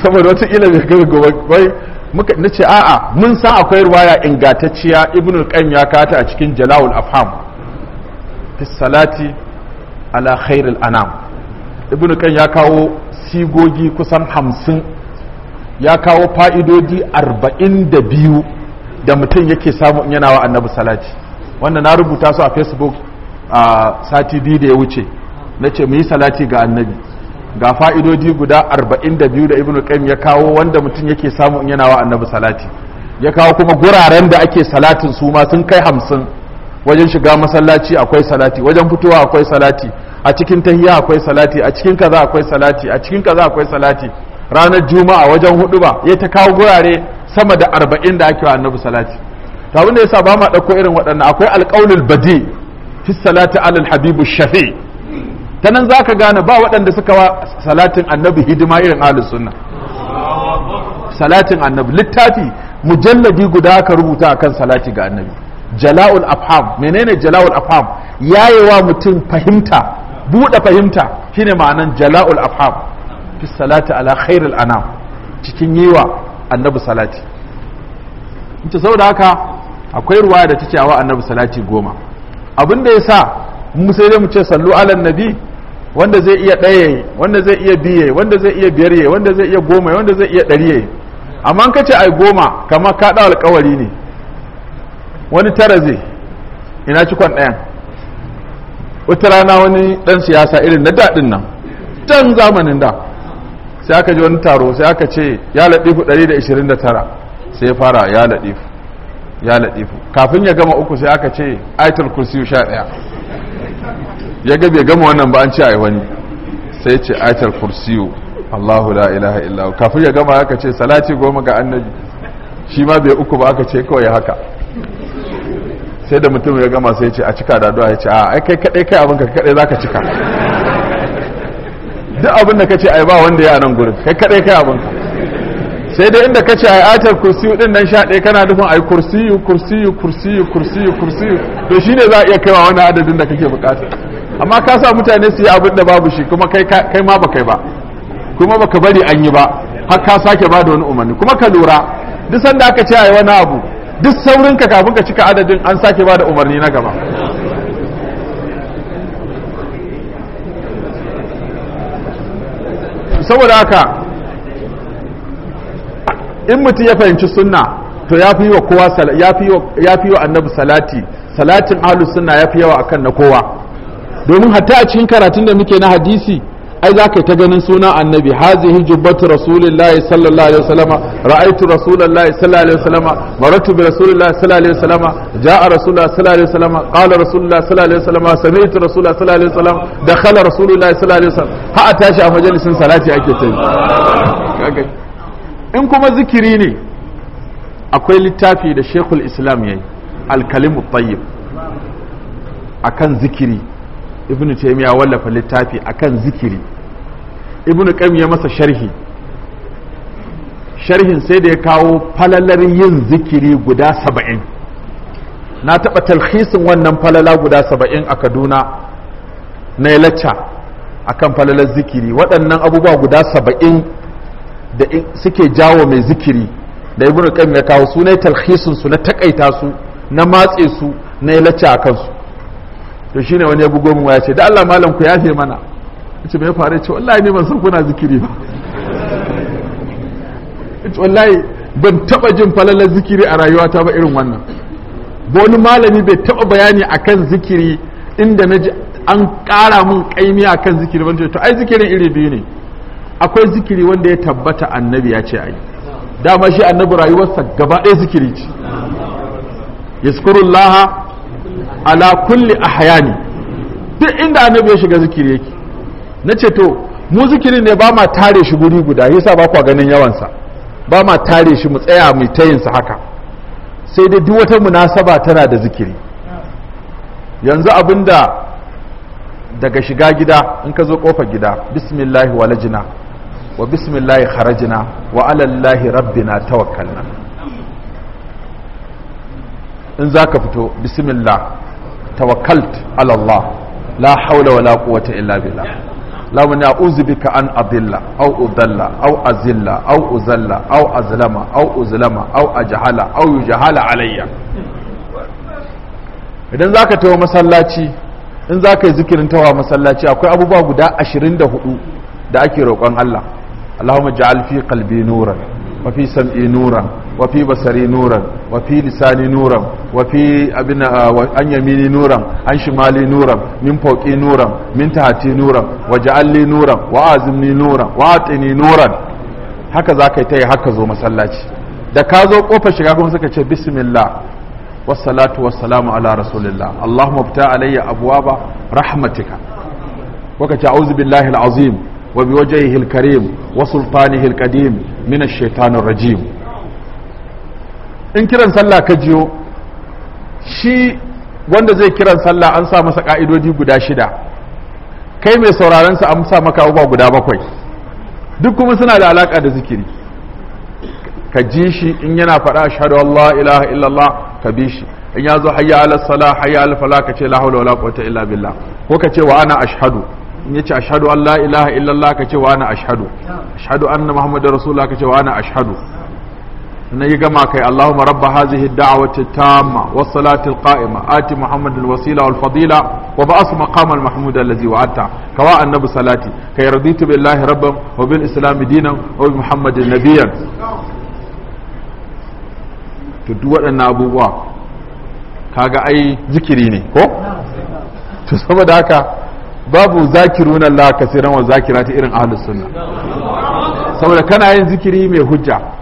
saboda wata ila bai ga goma wai muka ce a'a mun san akwai ruwaya ingantacciya ibnu qayyim ya kata a cikin jala'ul afham fi salati ala khairil anam ibnu qayyim ya kawo sigogi kusan hamsin ya kawo fa'idodi arba'in da biyu da mutum yake samu in yana wa annabi salati wanda na rubuta su a facebook a sati biyu da ya wuce na ce mu yi salati ga annabi ga fa'idodi guda arba'in da biyu da ibn qayyim ya kawo wanda mutum yake samu in yana wa annabi salati ya kawo kuma guraren da ake salatin su ma sun kai hamsin wajen shiga masallaci akwai salati wajen fitowa akwai salati a cikin tahiya akwai salati a cikin kaza akwai salati a cikin kaza akwai salati ranar juma'a wajen hudu ba ya ta kawo gurare sama da arba'in da ake wa annabi salati to abin ya yasa ba ma ɗauko irin waɗannan akwai alƙaulul badi fi salati alal habibu shafi ta nan za ka gane ba waɗanda suka wa salatin annabi hidima irin ahlus sunna salatin annabi littafi mujalladi guda ka rubuta a kan salati ga annabi jala'ul afham menene jala'ul afham yayewa mutum fahimta buɗe fahimta shine ma'anan jala'ul afham fi salati ala khairul anam cikin yiwa annabi salati inta saboda haka akwai ruwa da tace ce wa annabi salati goma abin da ya sa mu sai dai mu ce sallu ala nabi wanda zai iya ɗaya wanda zai iya biye wanda zai iya biyar wanda zai iya goma wanda zai iya ɗari amma ka ce ai goma kama ka ɗau alƙawari ne wani tara zai ina cikon ɗayan wata rana wani ɗan siyasa irin na daɗin nan can zamanin da sai aka ji wani taro sai aka ce ya laɗifu 129 sai ya fara ya laɗifu ya laɗifu kafin ya gama uku sai aka ce aitul kursi 11 ɗaya ya ga bai gama wannan ba an ce a wani sai ce aitul kursi. allahu la ilaha hu kafin ya gama aka ce salati goma ga annabi shi ma bai uku ba aka ce kawai haka sai da mutum ya gama sai ce a cika da addu'a ya ce a kai kadai kai ka kadai zaka cika duk abin da kace ai ba wanda ya nan gurin kai kadai kai abin sai dai inda kace ai ayatul kursiyu din nan sha dai kana nufin ai kursiyu kursiyu kursiyu kursiyu kursiyu to shine za a iya kaiwa wani adadin da kake bukata amma ka sa mutane su yi abin da babu shi kuma kai kai ma ba kai ba kuma baka bari an yi ba har ka sake ba da wani umarni kuma ka lura duk sanda aka ce ai wani abu duk saurinka kafin ka cika adadin an sake ba da umarni na gaba saboda haka in mutum ya fahimci sunna to ya fi wa kowa annabi salati salatin ahlus sunna ya fi yawa akan na kowa domin hatta a cikin karatun da muke na hadisi ai za ka ta ganin suna annabi hazihi jubbatu rasulillahi sallallahu alaihi ra'aitu sallallahu alaihi maratu bi rasulillahi sallallahu alaihi ja'a sallallahu alaihi qala sallallahu alaihi sami'tu sallallahu alaihi dakhala sallallahu alaihi ha a tashi a majalisin salati ake yi. in kuma zikiri ne akwai littafi da shekul islam ya yi, kalimu tayyib akan zikiri ibn taymiya wallafa littafi akan zikiri ibn qayyim ya masa sharhi sharhin sai da ya kawo falalar yin zikiri guda saba'in na taɓa talhisin wannan falala guda saba'in a kaduna na lacca akan falalar zikiri waɗannan abubuwa guda saba'in da suke jawo mai zikiri da ibn qayyim ya kawo su ne talhisin su na takaita su na matse su na lacca akan su to shine wani ya bugo mu ya ce da Allah malam ku yafe mana ce mai fara ce wallahi ne ban kuna zikiri ba wallahi ban taba jin falalar zikiri a rayuwata ba irin wannan ba wani malami bai taba bayani akan zikiri inda na ji an ƙara mun ƙaimi akan zikiri wanda to ai zikirin iri biyu ne akwai zikiri wanda ya tabbata annabi ya ce ai dama shi annabi rayuwarsa gaba ɗaya zikiri ce yaskurullaha ala kulli ahyani duk inda annabi ya shiga zikiri yake na ce to mu zikiri ne ba ma tare shi guri guda yasa ba kwa ganin yawansa ba ma tare shi mu tsaya mu ta yinsa haka sai dai duk wata munasaba tana da zikiri yanzu abinda daga shiga gida in ka zo kofar gida bismillahi walajina wa bismillahi kharajina wa alallahi rabbina tawakkalna in za ka fito bismillah tawakkalt alallah la haula wa la quwwata illa billah اللهم نعوذ بك an أضل au Udalla, au أزل au Uzalla, au أزلم au أزلم au Jahala, au Jahala alayya idan za ka tawa masallaci in za yi zikirin tawa masallaci akwai abubuwa guda 24 da ake roƙon Allah Allahumma ja'al fi qalbi nuran wa fi sam'i nuran wa fi basari nuran wa fi lisani nuran wafi abin ah, an yamini nuran an shimali nuran min fauki nuran min tahati nuran wa ja'alli nuran wa nuran wa atini nuran haka za ka yi ta yi haka zo masallaci da ka zo kofar shiga kuma suka ce bismillah wassalatu wassalamu ala rasulillah allahumma fita alayya abwaba rahmatika waka ce a'udhu billahi alazim wa biwajhihi alkarim wa sultanihi alqadim min ash-shaytanir rajim in kiran sallah ka jiyo shi wanda zai kiran sallah an sa masa ka'idodi guda shida kai mai sauraron sa an sa maka abubuwa guda bakwai duk kuma suna da alaka da zikiri ka ji shi in yana faɗa shahadu Allah ilaha illallah ka bi shi in ya zo hayya ala sala hayya ala fala ka ce la hawla wala quwwata illa billah ko ka ce wa ana ashhadu in yace ashhadu an la ilaha illallah ka ce wa ana ashhadu ashhadu anna muhammadar rasulullah ka ce wa ana ashhadu na yi gama kai Allahumma rabba hazihi da'awati tamma was salati alqa'ima ati Muhammad alwasila wal fadila wa ba'as maqam al mahmud allazi wa'ata kawa annabi salati kai raditu billahi rabban wa bil islam dinan wa bi Muhammadin nabiyyan to duk waɗannan abubuwa kaga ai zikiri ne ko to saboda haka babu zakiruna Allah kasiran wa zakirati irin ahlus sunna saboda kana yin zikiri mai hujja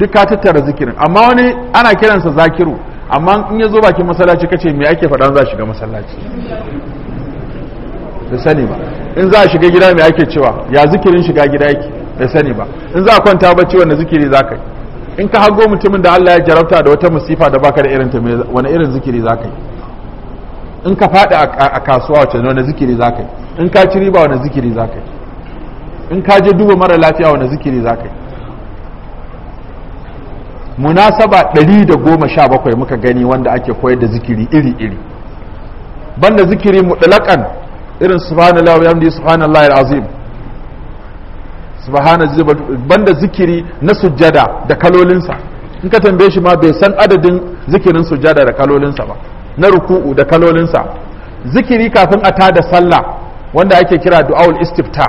duk ka tattara zikirin amma wani ana kiransa zakiru amma in ya zo bakin masallaci kace me ake faɗa za shiga masallaci da sani ba in za a shiga gida me ake cewa ya zikirin shiga gida yake da sani ba in za a kwanta bacci wanda zikiri za ka yi in ka hago mutumin da Allah ya jarabta da wata musifa da baka da irin ta wani irin zikiri za ka yi in ka faɗi a kasuwa wacce wani zikiri za ka yi in ka ci riba wani zikiri za ka yi in ka je duba mara lafiya wani zikiri za ka yi munasaba 117 muka gani wanda ake koyar da zikiri iri-iri banda zikiri mutlaƙan irin subhanallah wa bihamdihi subhanallahi alazim subhanallahi banda zikiri na sujjada da kalolinsa in ka tambaye shi ma bai san adadin zikirin sujjada da kalolinsa ba na ruku'u da kalolinsa zikiri kafin a tada sallah wanda ake kira du'aul istifta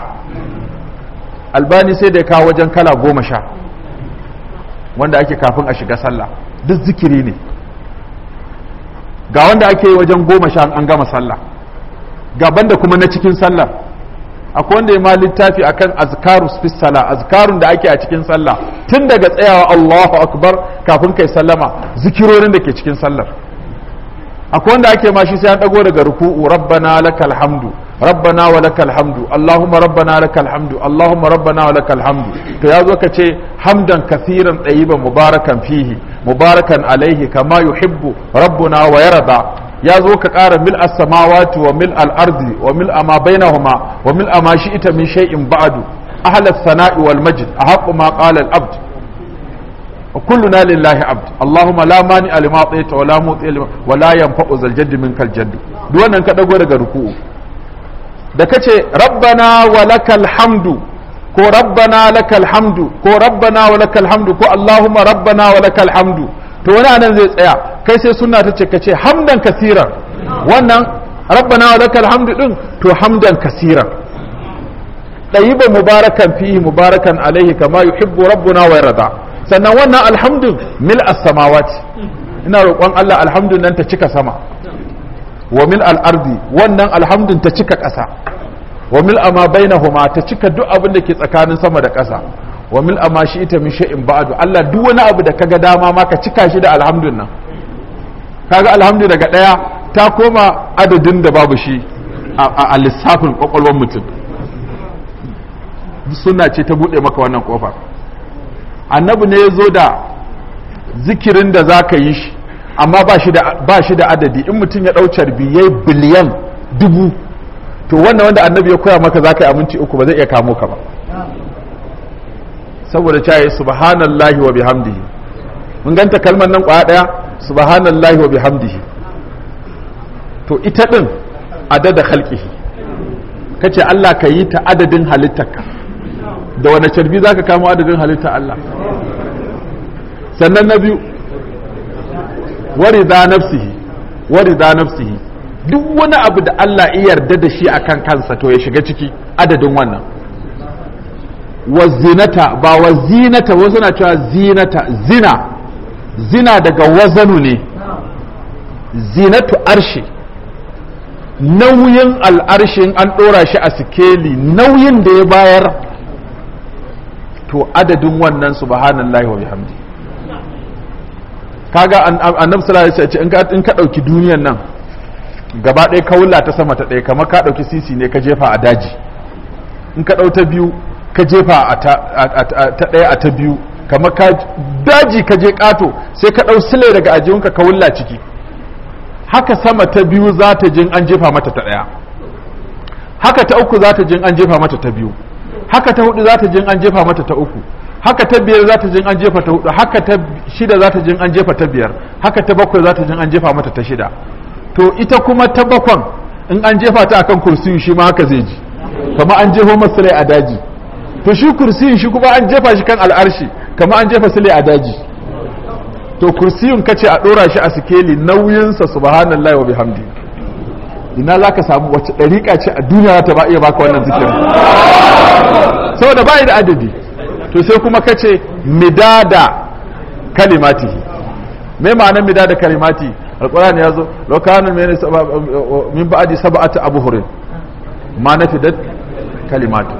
albani sai da ya kawo wajen kala goma sha wanda ake kafin a shiga sallah duk zikiri ne ga wanda ake wajen goma sha an gama sallah ga banda kuma na cikin sallah akwai wanda ya ma littafi akan azkaru fi sallah azkarun da ake a cikin sallah tun daga tsayawa Allahu akbar kafin kai sallama zikirorin da ke cikin sallar akwai wanda ake ma shi sai an dago daga ruku'u rabbana lakal hamdu rabbana wa lakal hamdu allahumma rabbana lakal hamdu allahumma rabbana wa lakal hamdu to ya zo ka ce hamdan kasiran tsayiban mubarakan fihi mubarakan alaihi kama yuhibbu rabbuna wa yarda ya zo ka ƙara mil as-samawati wa mil al-ardi wa mil ma bainahuma wa mil ma shi'ita min shay'in ba'du ahlas sana'i wal majd ahqqu ma qala al-abd وكلنا لله عبد اللهم لا مانع لما اعطيت ولا معطي ولا ينفع ذا الجد منك الجد دون ان كدغو daga ruku'u da kace rabbana wa lakal hamdu ko rabbana lakal hamdu ko rabbana wa lakal hamdu ko allahumma rabbana wa lakal hamdu to wani anan zai tsaya kai sai suna ta ce kace hamdan kasiran wannan rabbana wa lakal hamdu din to hamdan kasiran ba mubarakan fihi mubarakan alaihi kama yuhibbu rabbuna wa yarda sannan wannan alhamdu mil as-samawati ina roƙon Allah alhamdu nan ta cika sama wa min al'ardi wannan alhamdun ta cika ƙasa wa mil ama bainahuma ta cika duk abin da ke tsakanin sama da ƙasa wa mil ama shi ita min sha'in ba'du Allah duk wani abu da kaga dama ma ka cika shi da alhamdun nan kaga alhamdu daga ɗaya ta koma adadin da babu shi a lissafin kwakwalwar mutum suna ce ta buɗe maka wannan kofar annabi ne ya zo da zikirin da za ka yi shi amma ba shi da adadi in mutum ya ɗaucar biyai biliyan dubu to wannan wanda annabi ya koya maka za ka yi aminci uku ba zai iya kamo ka ba saboda caye subhanallahi wa bihamdihi mun ganta kalmar nan kwaya daya subhanallahi wa bihamdihi to ita din adada ka kace Allah ka yi ta adadin halittarka da wani carbi zaka kamo adadin halittar Allah sannan na biyu warida nafsihi warida nafsihi duk wani abu da Allah ya yarda da shi akan kansa to ya shiga ciki adadin wannan Wa zinata ba wa zinata wasu na cewa zinata zina zina daga wazanu ne zinatu arshi nauyin al'arshin an ɗora shi a sikeli nauyin da ya bayar to adadin wannan subhanallahi wa bihamdi kaga annabi sallallahu alaihi wasallam ce in ka dauki duniyan nan gaba ɗaya ka wulla ta sama ta ɗaya kamar ka dauki sisi ne ka jefa a daji in ka dau ta biyu ka jefa a ta ɗaya a ta biyu kamar ka daji ka je ƙato sai ka ɗau sile daga ajiyunka ka wulla ciki haka sama ta biyu za ta jin an jefa mata ta ɗaya haka ta uku za ta jin an jefa mata ta biyu haka ta hudu za ta jin an jefa mata ta uku haka ta biyar za ta jin an jefa ta hudu haka ta shida za ta jin an jefa ta biyar haka ta bakwai za ta jin an jefa mata ta shida to ita kuma ta bakwan in an jefa ta akan kursiyu shi ma haka zai ji kama an jefa masu a daji to shi kursiyin shi kuma an jefa shi kan al'arshi kama an jefa sule a daji to kursiyin kace a dora shi a sikeli nauyinsa subhanallahi wa bihamdi ina za ka samu wacce ɗariƙa ce a duniya ta ba iya baka wannan zikirin saboda ba da adadi to sai kuma ka ce midada kalimati me ma'anar midada kalimati alkur'ani ya zo mai min ba'adi sab'ata hurin. ma na fidar kalimati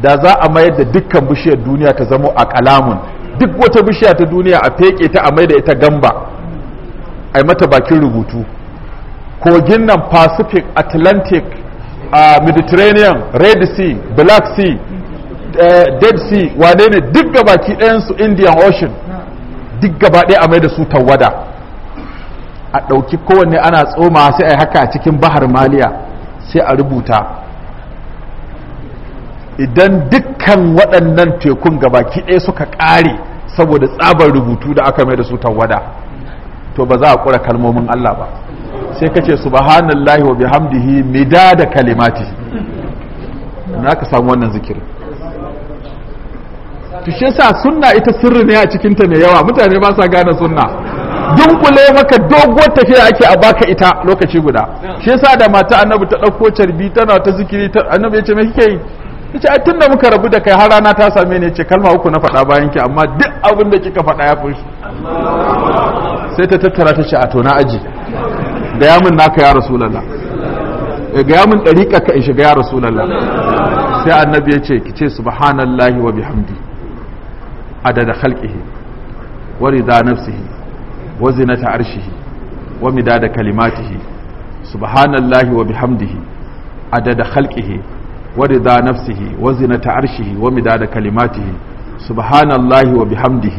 da za a mayar da dukkan bishiyar duniya ta zamo a kalamun duk wata bishiya ta duniya a feke ta a mai da ita gamba a mata bakin rubutu kogin nan pacific atlantic a mediterranean red sea black sea Eh, dead sea wane ne duk gabaki ɗayansu indian ocean duk gaba ɗaya a mai da su tawada a ɗauki kowanne ana tsoma sai a haka a cikin bahar maliya sai a rubuta idan dukkan waɗannan tekun gabaki ɗaya suka ƙare saboda tsabar rubutu da aka mai da su tawada to ba za a ƙura kalmomin Allah ba sai ka ce subhanallahi wa bihamdihi da kalimati na ka samu wannan zikirin to shi yasa sunna ita sirri ne a cikin ta mai yawa mutane ba sa gane sunna dunkule maka doguwar tafiya ake a baka ita lokaci guda shi yasa da mata annabi ta ɗauko carbi tana ta zikiri ta annabi ya ce me kike yi yace tun da muka rabu da kai har rana ta same ni ce kalma uku na faɗa bayan ki amma duk abin da kika faɗa ya fushi sai ta tattara ta ce a tona aji da yamin naka ya rasulullah eh, ga yamin dariƙa ka in shiga ya rasulullah sai annabi ya ce ki ce subhanallahi wa Hamdi. عدد خلقه ورضا نفسه وزنة عرشه ومداد كلماته سبحان الله وبحمده عدد خلقه ورضا نفسه وزنة عرشه ومداد nafsihi سبحان الله وبحمده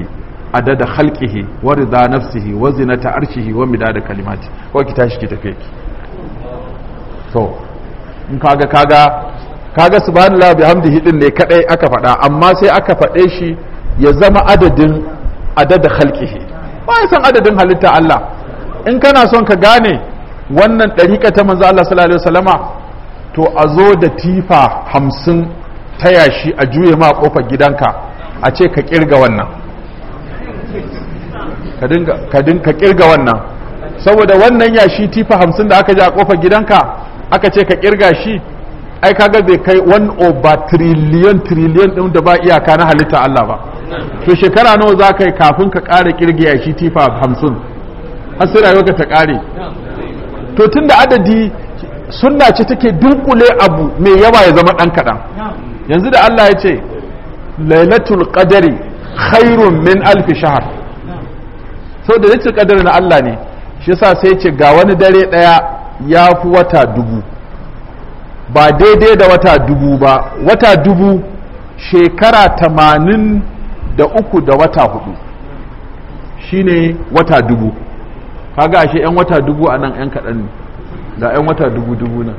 عدد خلقه ورضا نفسه وزنة عرشه ومداد كلماته nafsihi so in kaga kaga kaga subhanallahi bihamdihi din ne kadai aka fada amma sai aka fade shi ya zama adadin adada halkihi ba ya san adadin halitta Allah in kana son ka gane wannan ɗariƙa ta manzo Allah sallallahu alaihi wasallama to a zo da tifa hamsin ta yashi a juye ma kofar gidanka a ce ka kirga wannan ka dinka kirga wannan saboda wannan yashi tifa hamsin da aka ji a kofar gidanka aka ce ka kirga shi ai kaga bai kai 1 over trillion trillion din da ba iyaka na halitta Allah ba to shekara nawa za ka yi kafin ka ƙara kirgi a shi tifa hamsin har sai ka ta ƙare to tun da adadi sunna ce take dunkule abu mai yawa ya zama ɗan kaɗan yanzu da Allah ya ce lailatul qadari khairun min alfi shahar sau da lailatul qadari na Allah ne shi yasa sai ce ga wani dare ɗaya ya fi wata dubu ba daidai da wata dubu ba wata dubu shekara tamanin da uku da wata hudu shine wata dubu kaga ashe 'yan wata dubu a nan 'yan kaɗan ne ga 'yan wata dubu dubu nan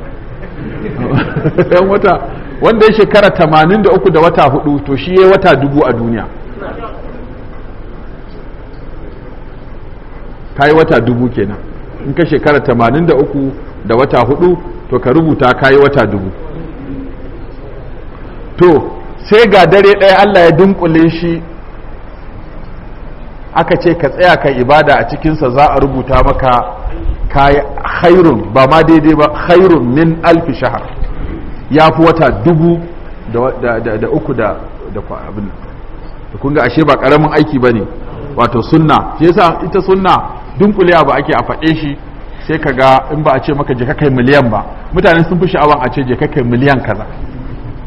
'yan wata wanda ya shekara tamanin da uku da wata hudu to shi ya wata dubu a duniya ta yi wata dubu kenan in ka shekara tamanin da uku da wata hudu to ka rubuta kayi wata dubu to sai ga dare ɗaya Allah ya dunkule shi aka ce ka tsaya kan ibada a cikinsa za a rubuta maka kayi khairun ba ma daidai ba khairun min alfi shahar ya fi wata dubu da uku da abin da kunga ashe ba karamin aiki ba ne wato sunna shi yasa ita sunna dunkulewa ba ake a faɗe shi sai ka ga in ba a ce maka je kai miliyan ba mutane sun fi sha'awan a ce je kai miliyan kaza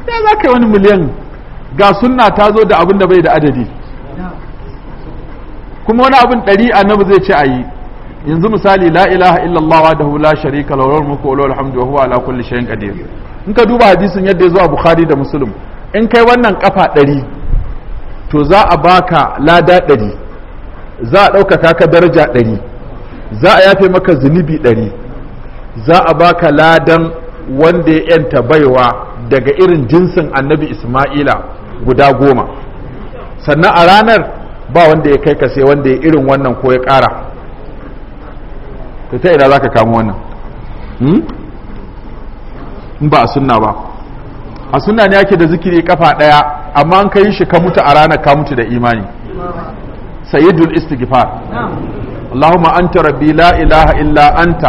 ya za ka yi wani miliyan ga sunna ta zo da abin da bai da adadi kuma wani abin ɗari annabi zai ce a yi yanzu misali la ilaha illallah wahdahu la sharika lahu lahul muku wa wa huwa ala kulli shay'in qadir in ka duba hadisin yadda ya zo a bukhari da muslim in kai wannan kafa ɗari to za a baka lada ɗari za a ɗaukaka ka daraja ɗari za a yafe maka zunubi ɗari za a baka ladan wanda ya yanta baiwa daga irin jinsin annabi isma'ila guda goma sannan a ranar ba wanda ya kai ka wanda ya irin wannan ko ya ƙara ta ina za ka kama wannan hmm? in ba a sunna ba a sunna ne ake da zikiri kafa ɗaya amma an kai shi ka mutu a ranar ka mutu da imani Sayidul istighfar اللهم أنت ربي لا إله إلا أنت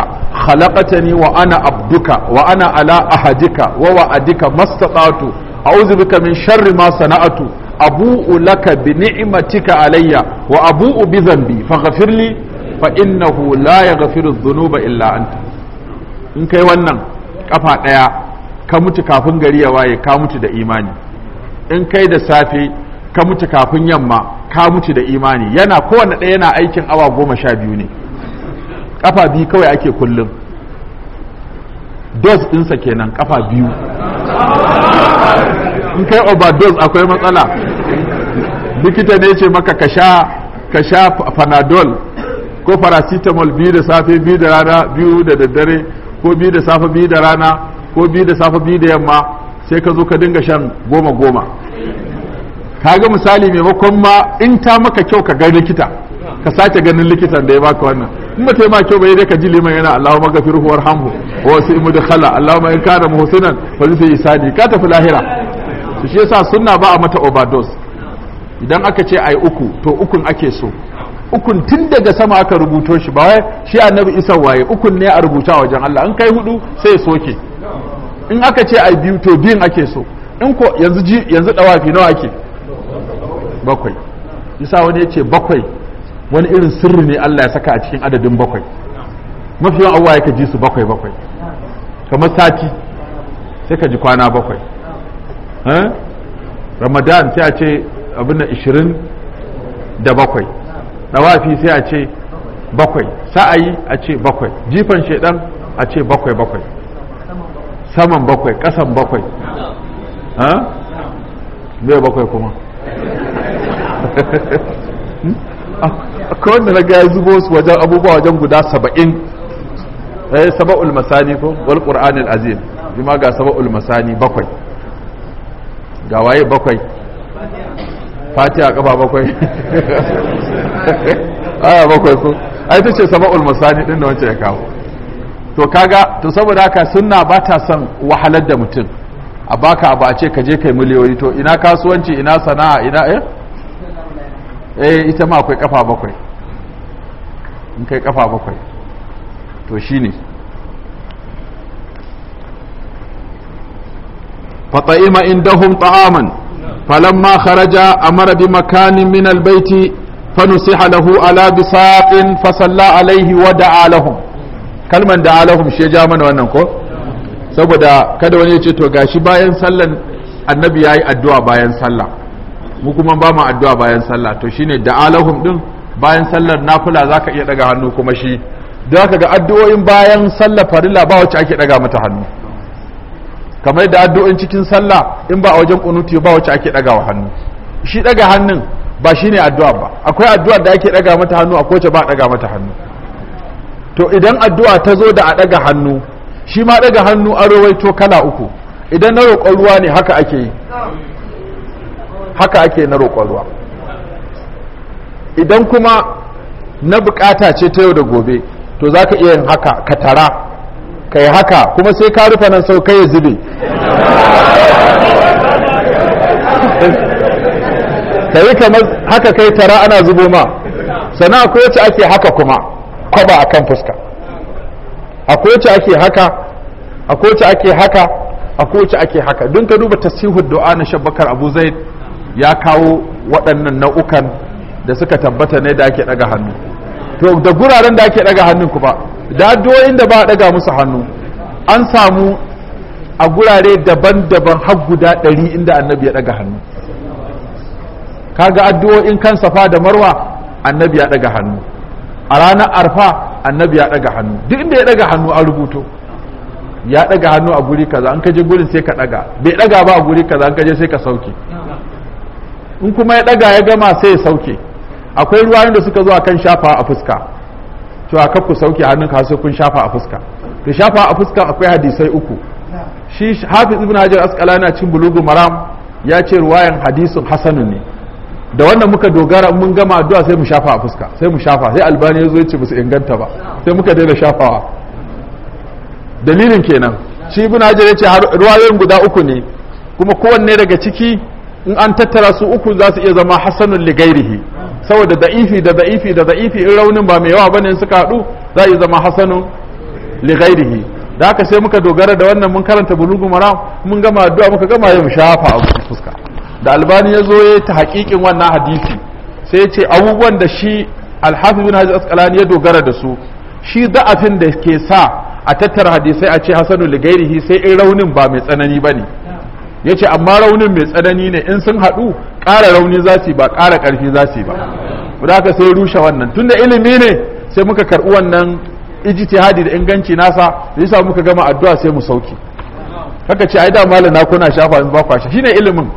خلقتني وأنا عبدك وأنا على أحدك ووعدك ما استطعت أعوذ بك من شر ما صنعت أبوء لك بنعمتك علي وأبوء بذنبي فغفر لي فإنه لا يغفر الذنوب إلا أنت إن كي ونن كفا ɗaya ka mutu kafin gari ya waye ka mutu da imani in kai da safe ka mutu kafin yamma ka mutu da imani yana kowane ɗaya yana aikin awa goma sha biyu ne Ƙafa biyu kawai ake kullum dos ɗinsa kenan ƙafa biyu in kai overdose akwai matsala likita ne ce maka ka sha ka sha panadol ko paracetamol biyu da safe biyu da rana biyu da daddare ko biyu da safe biyu da rana ko biyu da safe biyu da yamma sai ka zo ka dinga shan goma goma Ka ga misali maimakon ma in ta maka kyau ka ga likita ka sake ganin likitan da ya baka wannan in ba ma kyau bai dai ka ji liman yana Allahu maghfirhu warhamhu wa wasi mudkhala Allahumma in kana muhsinan fa zai isadi ka tafi lahira to shi yasa sunna ba a mata overdose idan aka ce ai uku to ukun ake so ukun tun daga sama aka rubuto shi ba wai shi annabi isa waye ukun ne a rubuta wajen Allah in kai hudu sai ya soke in aka ce ai biyu to biyun ake so in ko yanzu ji yanzu dawafi nawa ake bakwai isa wani ya ce bakwai wani irin sirri ne Allah ya saka a cikin adadin bakwai mafi yawan abubuwa yake ji su bakwai bakwai kamar sati sai ka ji kwana bakwai eh? ramadan sai a ce abin ishirin da bakwai dawafi sai a ce bakwai sa'ayi a ce bakwai jifan shedan a ce bakwai bakwai saman bakwai kasan bakwai eh? mai bakwai kuma akwai wanda na gaya zubo su wajen abubuwa wajen guda saba'in eh saba'ul masani ko wal qur'anil azim bima ga saba'ul masani bakwai ga waye bakwai Fati a ƙafa bakwai aya bakwai ko ai tace saba'ul masani ɗin da wancan ya kawo to kaga to saboda haka suna ba ta son wahalar da mutum a baka ba a ce ka je kai miliyoyi to ina kasuwanci ina sana'a ina eh eh ita ma akwai kafa bakwai in kai kafa bakwai to shine fata'ima indahum ta'aman falamma kharaja amara bi makanin min albayti fanusiha lahu ala bisaqin fa salla alaihi wa da'a lahum kalman da'a lahum shi ja mana wannan ko saboda kada wani ya ce to gashi bayan sallan annabi yayi addu'a bayan sallah mu kuma ba mu addu'a bayan sallah to shine da alahum din bayan sallar nafila zaka iya daga hannu kuma shi da ka ga addu'o'in bayan sallar farilla ba wacce ake daga mata hannu kamar da addu'o'in cikin sallah in ba a wajen kunuti ba wacce ake daga wa hannu shi daga hannun ba shine addu'a ba akwai addu'a da ake daga mata hannu akwai wacce ba daga mata hannu to idan addu'a ta zo da a daga hannu shi ma daga hannu an rawaito kala uku idan na roƙon ruwa ne haka ake yi haka ake na roƙon ruwa idan kuma na bukata ce ta yau da gobe to za ka iya yin haka ka tara ka yi haka kuma sai ka rufe nan sau kai ya zube ka yi kamar haka kai tara ana zubo ma sana akwai wacce ake haka kuma kwaba a kan fuska akwai wacce ake haka akwai wacce ake haka akwai wacce ake haka don ka duba tasihud du'a na shabbakar abu zaid ya kawo waɗannan nau'ukan da suka tabbata ne da ake ɗaga hannu to da guraren da ake ɗaga hannun ku ba da addu'o'in da ba a ɗaga musu hannu an samu a gurare daban-daban har guda ɗari inda annabi ya ɗaga hannu kaga addu'o'in kan safa da marwa annabi ya ɗaga hannu a ranar arfa annabi ya ɗaga hannu duk inda ya ɗaga hannu a rubuto ya ɗaga hannu a guri kaza an kaje gurin sai ka ɗaga bai ɗaga ba a guri kaza an kaje sai ka sauke in kuma ya daga ya gama sai ya sauke akwai ruwa da suka zo kan shafa a fuska to a ku sauke hannun ka sai kun shafa a fuska da shafa a fuska akwai hadisai uku shi hafiz ibn hajar asqalani na cin bulugu maram ya ce ruwayan hadisin hasanun ne da wannan muka dogara mun gama addu'a sai mu shafa a fuska sai mu shafa sai albani ya zo ya ce musu inganta ba sai muka daina shafawa dalilin kenan shi ibn hajar ya ce ruwayoyin guda uku ne kuma kowanne daga ciki in an tattara su uku za su iya zama hasanun ligairihi saboda da'ifi da da'ifi da da'ifi in raunin ba mai yawa bane suka haɗu za a iya zama hasanun ligairihi da haka sai muka dogara da wannan mun karanta bulugu mara mun gama addu'a muka gama yau shafa a fuska da albani ya zo ya ta hakikin wannan hadisi sai ya ce abubuwan da shi alhafi bin hajji asqalani ya dogara da su shi da'afin da ke sa a tattara hadisai a ce hasanu ligairihi sai in raunin ba mai tsanani bane ya ce amma raunin mai tsanani ne in sun haɗu ƙara rauni za su ba ƙara ƙarfi za su ba da haka sai rushe wannan tunda ilimi ne sai muka karɓi wannan ijtihadi da inganci nasa da yasa muka gama addu'a sai mu sauki haka ce ai da malam na kuna shafa in ba ku shi shine ilimin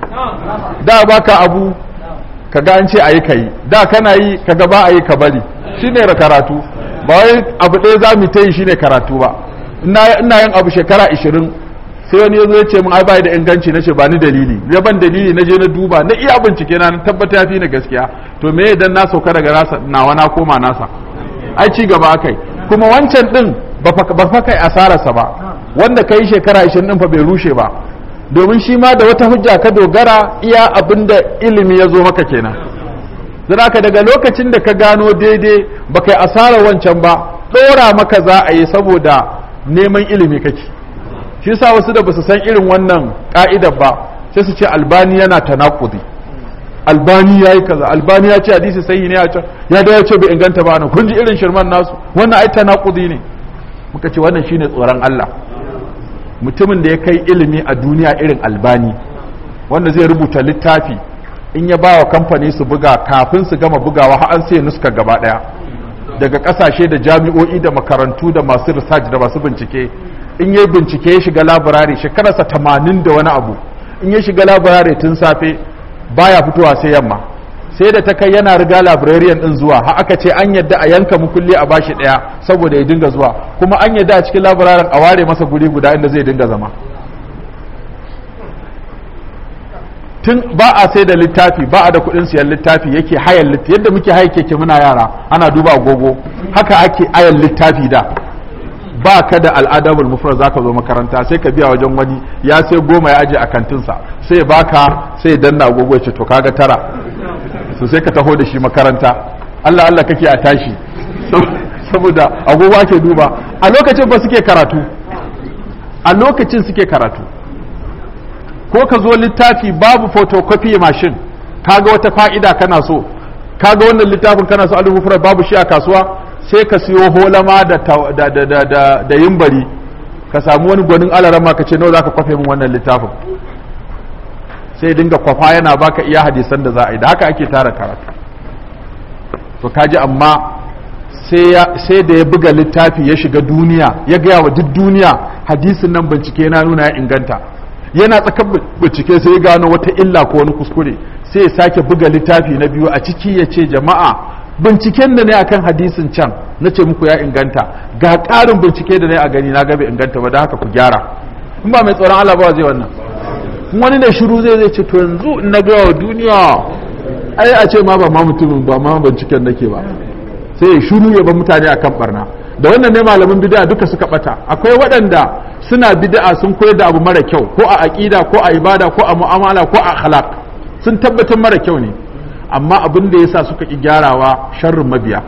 da baka abu kaga an ce ayi kai da kana yi kaga ba ayi ka bari shine karatu ba wai abu ɗaya za ta yi shine karatu ba ina yin abu shekara 20 sai wani yanzu ya ce min ai da inganci na ce ba ni dalili ya ban dalili na je na duba na iya bincike na tabbata ya fi ni gaskiya to me idan na sauka daga nasa nawa na koma nasa ai ci gaba akai kuma wancan din ba fa kai asararsa ba wanda kai shekara 20 din fa bai rushe ba domin shi ma da wata hujja ka dogara iya abinda ilimi ya zo maka kenan don haka daga lokacin da ka gano daidai ba kai asarar wancan ba ɗora maka za a yi saboda neman ilimi kake shi sa wasu da basu san irin wannan ka'idar ba sai su ce albani yana tanakudi albani ya yi kaza albani ya ce hadisi sai ne ya ya da ya ce bai inganta ba nan kun ji irin shirman nasu wannan ai tanakudi ne muka ce wannan shine tsoron Allah mutumin da ya kai ilimi a duniya irin albani wanda zai rubuta littafi in ya ba wa kamfani su buga kafin su gama bugawa har an sai nuska gaba daya daga kasashe da jami'o'i da makarantu da masu research da masu bincike in yi bincike ya shiga laburare shekararsa tamanin da wani abu in ya shiga labirare tun safe baya fitowa sai yamma sai da ta kai yana riga labarariyan ɗin zuwa ha aka ce an yadda a yanka mukulli a bashi ɗaya saboda ya dinga zuwa kuma an yadda a cikin laburaren a ware masa guri guda inda zai dinga zama tun ba a sai da littafi ba a da kuɗin siyan littafi yake hayan littafi yadda muke haike keke muna yara ana duba agogo haka ake hayan littafi da ba ka da al'adabul mufrad ka zo makaranta sai ka biya wajen wani ya sai goma ya aje a kantinsa sai baka sai danna agogo ya ce to kaga tara so sai ka taho da shi makaranta Allah Allah kake a tashi saboda agogo ke duba a lokacin ba suke karatu a lokacin suke karatu ko ka zo littafi babu photocopy machine kaga wata fa'ida kana so kaga wannan littafin kana so al babu shi a kasuwa sai ka siyo holama da da da da ka samu wani gwanin alarama ka ce nawa zaka kwafe min wannan littafin sai dinga kwafa yana baka iya hadisan da za a yi da haka ake tara karatu to kaji amma sai da ya buga littafi ya shiga duniya ya gaya wa duk duniya hadisin nan bincike na nuna ya inganta yana tsakan bincike sai ya gano wata illa ko wani kuskure sai ya sake buga littafi na biyu a ciki ya ce jama'a binciken da ne akan hadisin can na ce muku ya inganta ga ƙarin bincike da ne a gani na gabe inganta ba da haka ku gyara in ba mai tsoron Allah ba zai wannan wani ne shiru zai zai ce to yanzu in na gaya wa duniya ai a ce ma ba ma mutumin ba ma binciken nake ba sai shiru ya ba mutane a kan barna da wannan ne malamin bid'a duka suka bata akwai waɗanda suna bid'a sun koyar da abu mara kyau ko a aqida ko a ibada ko a mu'amala ko a akhlaq sun tabbatar mara kyau ne amma abin da ya sa suka ƙi gyarawa sharrin mabiya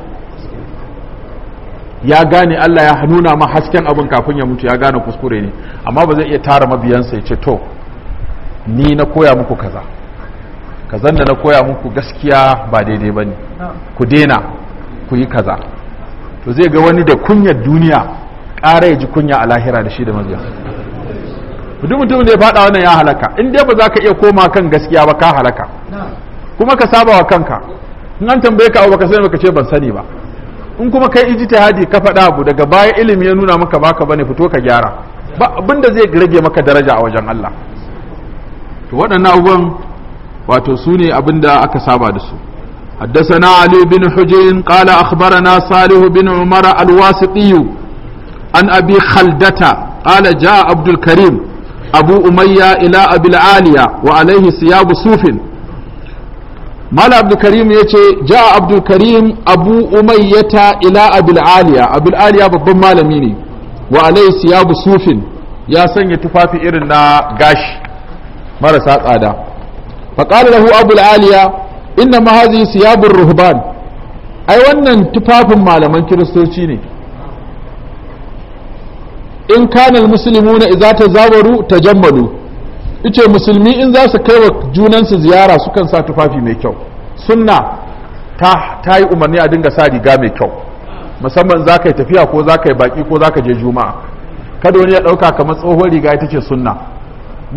ya gane Allah ya nuna ma hasken abin kafin ya mutu ya gane kuskure ne amma ba zai iya tara mabiyansa ya ce to ni na koya muku kaza kazan da na koya muku gaskiya ba daidai ba ne ku dena ku yi kaza to zai ga wani da kunyar duniya ƙara ya ji kunya a lahira da shi da mabiya duk mutumin da ya faɗa wannan ya halaka in dai ba za ka iya koma kan gaskiya ba ka halaka kuma ka saba wa kanka in an tambaye ka abu baka sani baka ce ban sani ba in kuma kai ijtihadi ka faɗa abu daga baya ilimi ya nuna maka baka bane fito ka gyara ba abin da zai rage maka daraja a wajen Allah to waɗannan abubuwan wato su ne abin da aka saba da su حدثنا علي بن حجين قال أخبرنا صالح بن عمر الواسطي عن أبي خلدة قال جاء عبد الكريم أبو أمية إلى أبي العالية وعليه ثياب صوف mala abdulkarim ya ce ja'a abdulkarim abu umayyata ila abil aliya aliya babban malami ne wa alai siyabu sufin ya sanya tufafi irin na gashi marasa tsada faƙali da abul aliya inna ma siyabun ruhban ai wannan tufafin malaman kiristoci ne in iza ta idza ta jammalu. ice musulmi in za su kai wa junansu ziyara sukan sa tufafi mai kyau sunna ta ta yi umarni a dinga sa riga mai kyau musamman za ka yi tafiya ko za ka yi baki ko za ka je juma'a kada wani ya ɗauka kamar tsohon riga ita ce sunna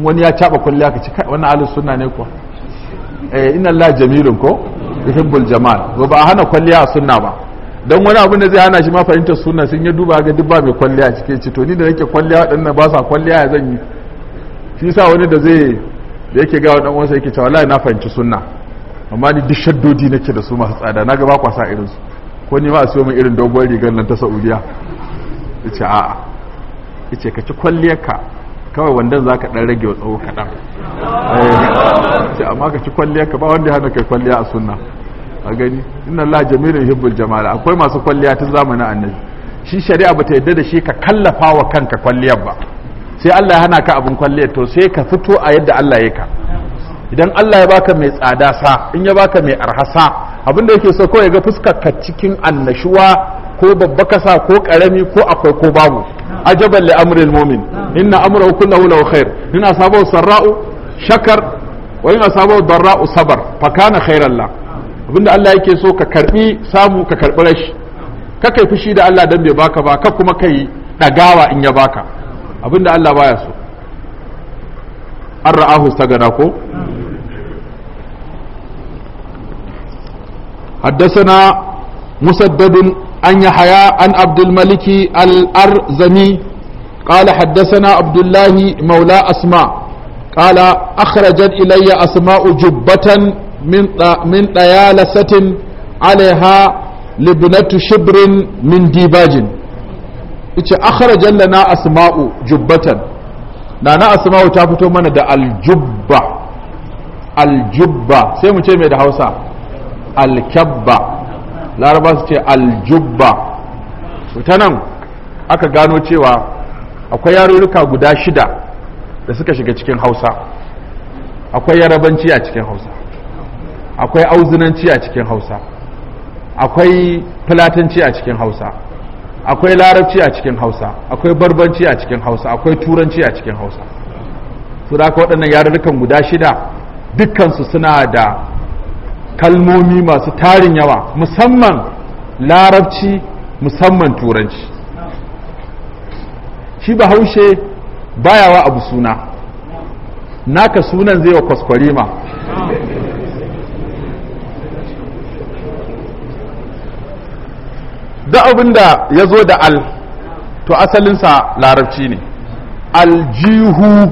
wani ya caɓa kulliya ka ci kai wannan alin sunna ne kuwa eh inna Allah jamilun ko yuhibbul jamal ba ba hana kulliya a sunna ba don wani abu da zai hana shi ma fahimtar sunna sun ya duba ga duk mai kulliya cike ci to ni da nake kwalliya waɗannan ba sa kulliya zan yi shi sa wani da zai da yake ga wani wasa yake cewa wallahi na fahimci sunna amma ni duk shaddodi nake da su masu tsada na ga kwasa irin su ko ni ma a siyo min irin dogon rigar nan ta Saudiya ce a'a ce ka ci kwalliyarka kawai wandan za ka ɗan rage wa tsawo kaɗan eh. ce amma ka ci kwalliyarka ka ba wanda ya hana kai kwalliya a sunna a gani inna la jamilin hibbul jamala akwai masu kwalliya tun zamanin annabi shi shari'a ba ta yadda da shi ka kallafa wa kanka kwalliyar ba sai Allah ya hana ka abin kwalliyar to sai ka fito a yadda Allah ya ka idan Allah ya baka mai tsada sa in ya baka mai arhasa abin da yake so kawai ga fuskar ka cikin annashuwa ko babba kasa ko karami ko akwai ko babu ajaban li'amrin mu'min inna amrahu kullahu lahu khair ina sabo sarra'u shakar wa ina sabo darra'u sabar fa kana khairan la abinda Allah yake so ka karbi samu ka karbi rashi kakai fushi da Allah dan bai baka ba ka kuma kai dagawa in ya baka abinda Allah baya so an ra'ahu ta gana ko haddasana musaddadin an yi haya an abdulmaliki al’arzami قال حدثنا عبد Abdullahi Maula Asma. قال akrajan إلي أسماء جبة minɗaya lasatin ديالسة عليها لبنة شبر من yace jalla lana asma'u jubbatan nana asma'u ta fito mana da aljubba aljubba sai mu ce mai da Hausa alkabba laraba su ce aljubba ta nan aka gano cewa akwai yarurruka guda shida da suka shiga cikin hausa akwai yarabanci a cikin hausa akwai auzinanci a cikin hausa akwai filatanci a cikin hausa akwai larabci a cikin hausa akwai barbanci a cikin hausa akwai turanci a cikin hausa su da aka waɗannan yarurrukan guda shida dukkansu suna da kalmomi masu tarin yawa musamman larabci musamman turanci shi bahaushe bayawa abu suna naka sunan zai wa kwaskwarima da abin da ya zo da al to asalinsa larabci ne aljihu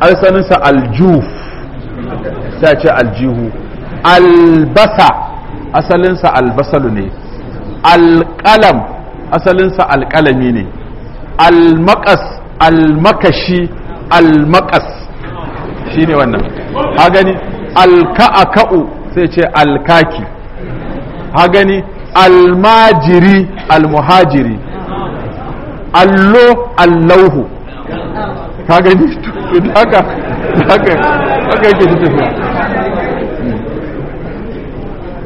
asalinsa aljuf sai ce aljihu albasa asalinsa albasalu ne alƙalam asalinsa alƙalami ne almakas almakashi almakas shi ne wannan ha gani alka'aka'u sai ce alkaki ha gani almajiri almuhajiri allo allahu ka gani haka haka haka yake tafiya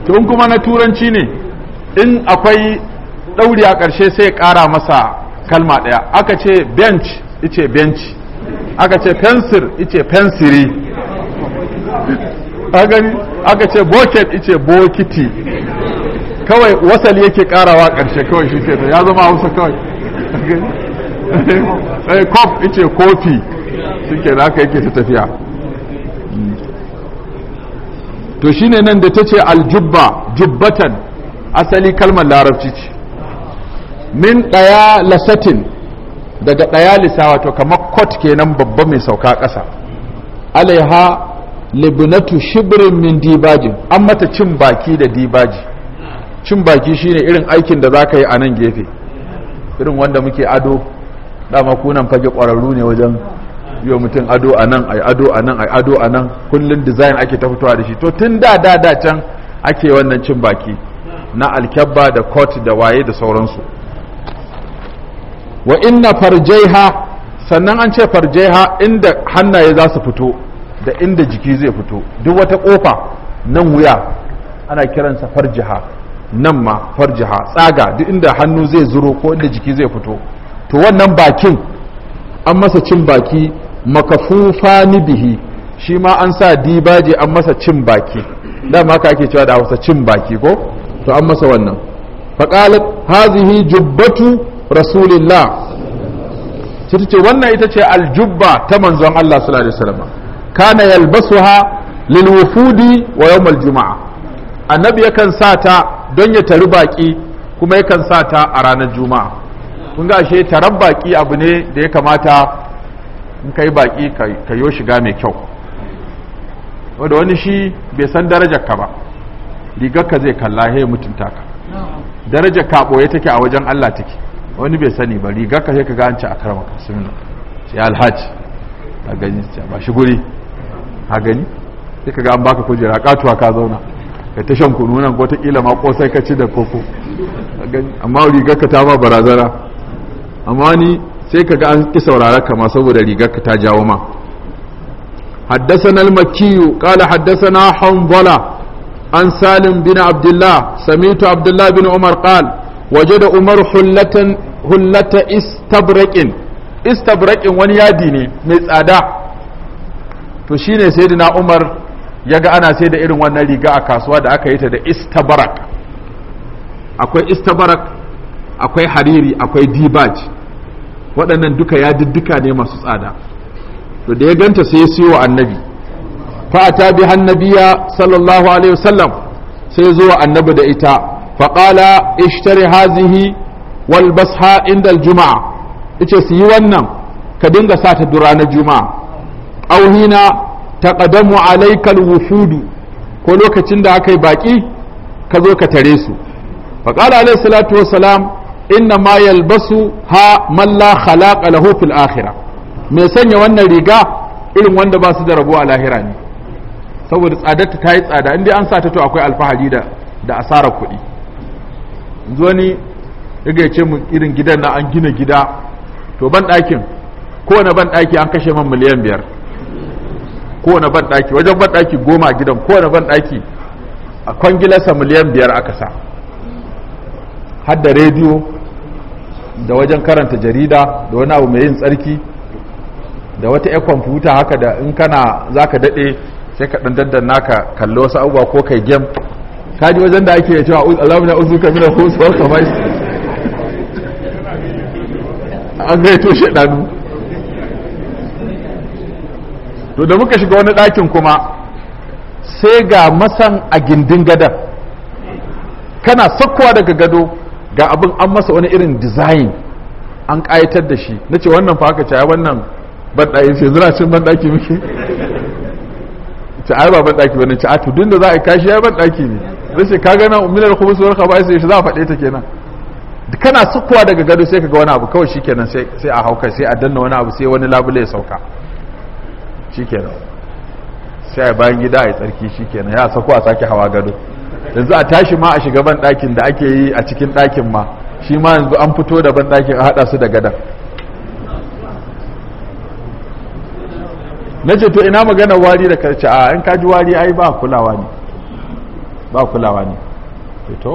tun kuma na turanci ne in akwai ɗauri a ƙarshe sai ƙara masa kalma ɗaya aka ce bench ice bench aka ce fensir ice fensiri aka ce bucket ice bokiti kawai wasal yake karawa karshe kawai shi ke ya zama hausa kawai sai eh, kof ice kofi shi ke da aka yake ta tafiya hmm. to shi ne nan da ta ce aljubba jubbatan asali kalmar larabci ce min ɗaya lasatin daga ɗaya lisa wato kamar kot kenan babba mai sauka ƙasa alaiha libnatu shibrin min dibajin an mata cin baki da dibaji cin baki shine irin aikin da zaka yi a nan gefe irin wanda muke ado dama kunan fage ƙwararru ne wajen yi wa mutum ado a nan ai ado a nan ai ado a nan kullum design ake ta fitowa da shi to tun da da da can ake wannan cin baki na alkyabba da court da waye da sauransu wa inna farjaiha sannan an ce farjaiha inda hannaye za su fito da inda jiki zai fito duk wata kofa nan wuya ana kiransa farjiha nan ma farjiha tsaga duk inda hannu zai zuro ko inda jiki zai fito to wannan bakin an masa cin baki makafufa bihi shi ma an sa dibaje an masa cin baki dama haka ake cewa da wasa cin baki ko to an masa wannan faƙalat hazihi jubbatu rasulillah sai ce wannan ita ce aljubba ta manzon Allah sallallahu alaihi wasallam kana yalbasuha lilwufudi wa yawmal juma'a. annabi yakan sa ta don ya tari baki kuma yakan sa ta a ranar juma'a kun ga ashe taron baki abu ne da ya kamata in kai baki ka yo shiga mai kyau wanda wani shi bai san darajar ka ba rigar ka zai kalla ya mutunta ka darajar ka boye take a wajen Allah take wani bai sani ba rigar ka sai ka ganci an ci a karama kasumina sai alhaji a gani ba shi guri a gani sai ka ga an baka kujera katuwa ka zauna ka ta shan kununan ko ta ma ko sai ka ci da koko amma rigarka ta ba barazara amma ni sai ka ga an ki saurara kama saboda rigarka ta jawo ma haddasa Nalmakiyu. makiyu haddasa na hanbala an salim bin abdullah samitu abdullah bin umar kal waje da umar hullata istabrakin istabrakin wani yadi ne mai tsada to shine sai umar ya ga ana sai da irin wannan riga a kasuwa da aka yi ta da istabarak akwai istabarak akwai hariri akwai dibaj waɗannan duka ya diddika ne masu tsada to da ya ganta sai ya siyo annabi fa'ata bi hannabiya sallallahu alaihi wasallam sai zuwa annabi da ita faƙala ishtari hazihi wal basha inda juma'a ita su yi wannan ka dinga sa ta dura na juma'a auhina taqadamu alaikal wufudu ko lokacin da aka yi baƙi ka zo ka tare su faqala alayhi salatu wa salam inna ma yalbasu ha man la khalaqa lahu fil akhirah me sanya wannan riga irin wanda ba su da rabo a lahira ne saboda tsadarta ta yi tsada in an sa ta to akwai alfahari da da asarar kuɗi yanzu wani ya ce mu irin gidan na an gina gida to ban ɗakin kowane ban ɗaki an kashe man miliyan biyar kowane ban ɗaki wajen ban ɗaki goma gidan kowane ban ɗaki a kwangilarsa miliyan biyar aka sa har da rediyo da wajen karanta jarida da wani abu mai yin tsarki da wata 'yar kwamfuta haka da in kana za ka daɗe sai ka ɗan daddanna ka kalli wasu abubuwa ko kai gem kaji wajen da ake cewa alamina uzu ka mina ko su mai an gaito shaɗanu to da muka shiga wani ɗakin kuma sai ga masan a gindin gadon kana sakkowa daga gado ga abin an masa wani irin design an ƙayatar da shi na ce wannan fa caya wannan banɗaki ce zira cin banɗaki muke ce ai ba banɗaki wani ce a to da za a yi kashi ya banɗaki ne na ce ka gana umilar kuma suwar ka bai sai za a faɗe ta kenan kana sakkowa daga gado sai ka ga wani abu kawai shi kenan sai a hauka sai a danna wani abu sai wani labule ya sauka shikenan sai a bayan gida a tsarki shikenan ya sako a sake hawa gado yanzu a tashi ma a shiga ban ɗakin da ake yi a cikin ɗakin ma shi ma yanzu an fito da ban ɗakin a haɗa su da gada na ce to ina magana wari da karce a yan kaji wari ai ba kulawa ne ba kulawa ne to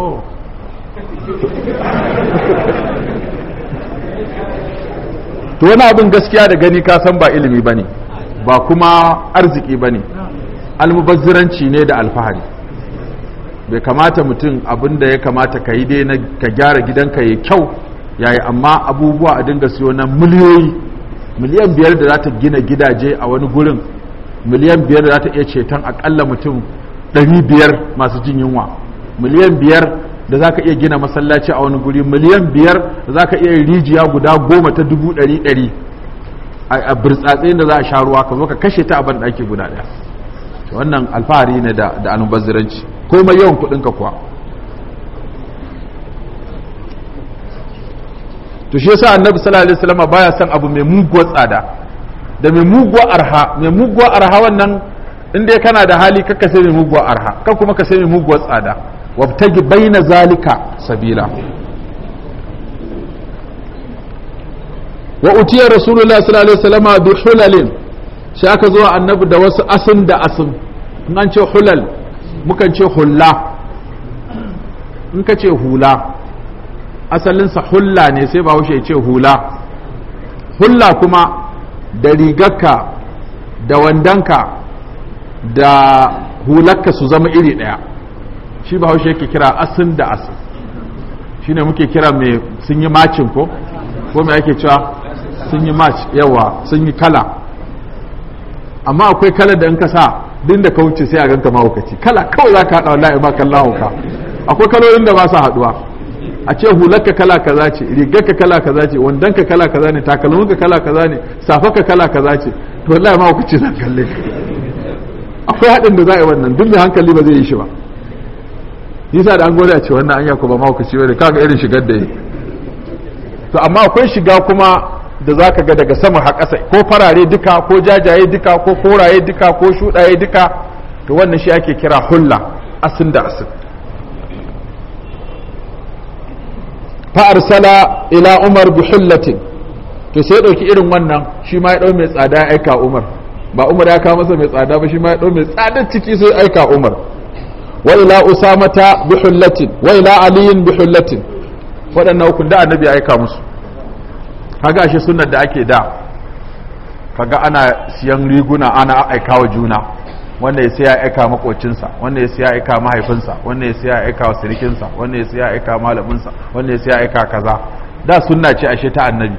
to wani abin gaskiya da gani ka san ba ilimi ba ne ba kuma arziki ba ne almubazziranci ne da alfahari bai kamata mutum abinda ya kamata ka yi dai ka gyara gidanka ya kyau yayi amma abubuwa a dinga siyo na miliyoyi miliyan biyar da za ta gina gidaje a wani gurin miliyan biyar da za ta iya ceton akalla mutum ɗari biyar masu jin yunwa miliyan biyar da za ka iya gina masallaci a wani guri miliyan biyar da za ka iya rijiya guda goma ta dubu ɗari ɗari a birtsatse da za a sha ruwa kuma ka kashe ta a ɗaki guda ɗaya wannan alfahari ne da da almubazziranci komai yawan kuɗin ka kuwa to shi yasa annabi sallallahu alaihi wasallam baya son abu mai muguwar tsada da mai muguwar arha mai muguwar arha wannan in dai kana da hali kakka sai mai muguwar arha ka kuma ka sai mai muguwar tsada wabtagi baina zalika sabila wa utiya rasulullah sallallahu alaihi wasallama bi hulalin shi aka zo annabi da wasu asin da asin in an ce hulal mukan ce hulla in ka ce hula asalinsa hulla ne sai bahaushe ya ce hula hulla kuma da rigarka da wandanka da hularka su zama iri ɗaya shi bahaushe yake kira asin da asin shine muke kira mai sun yi macin ko ko mai ake cewa sun yi match yawa sun yi kala amma akwai kala da in ka sa din da ka wuce sai a ganka mahaukaci kala kawai za ka haɗa wallahi ba kallon hauka akwai kalolin da ba sa haɗuwa a ce hularka kala kaza ce rigarka kala kaza ce wandonka kala kaza ne takalminka kala kaza ne safaka kala kaza ce to wallahi ma hukunci zan kalle akwai haɗin da za a yi wannan duk da hankali ba zai yi shi ba yasa da an gode a ce wannan an yako ba ma hukunci ba kaga irin shigar da yi to amma akwai shiga kuma da za ka ga daga sama har ƙasa ko farare duka ko jajaye duka ko koraye duka ko shuɗaye duka to wannan shi ake kira hulla asin da asin fa'arsala ila umar bi hullatin to sai ɗauki irin wannan shi ma ya ɗau mai tsada ya aika umar ba umar ya kawo masa mai tsada ba shi ma ya ɗau mai tsadar ciki sai aika umar wa ila usamata bi hullatin wa ila aliyin bi hullatin waɗannan hukun da annabi ya aika musu kaga ashe sunnar da ake da kaga ana siyan riguna ana aika wa juna wanda ya siya aika makocinsa wanda ya siya aika mahaifinsa wanda ya siya aika wa sirikinsa wanda ya siya aika malaminsa wanda ya siya aika kaza da sunna ce ashe ta annabi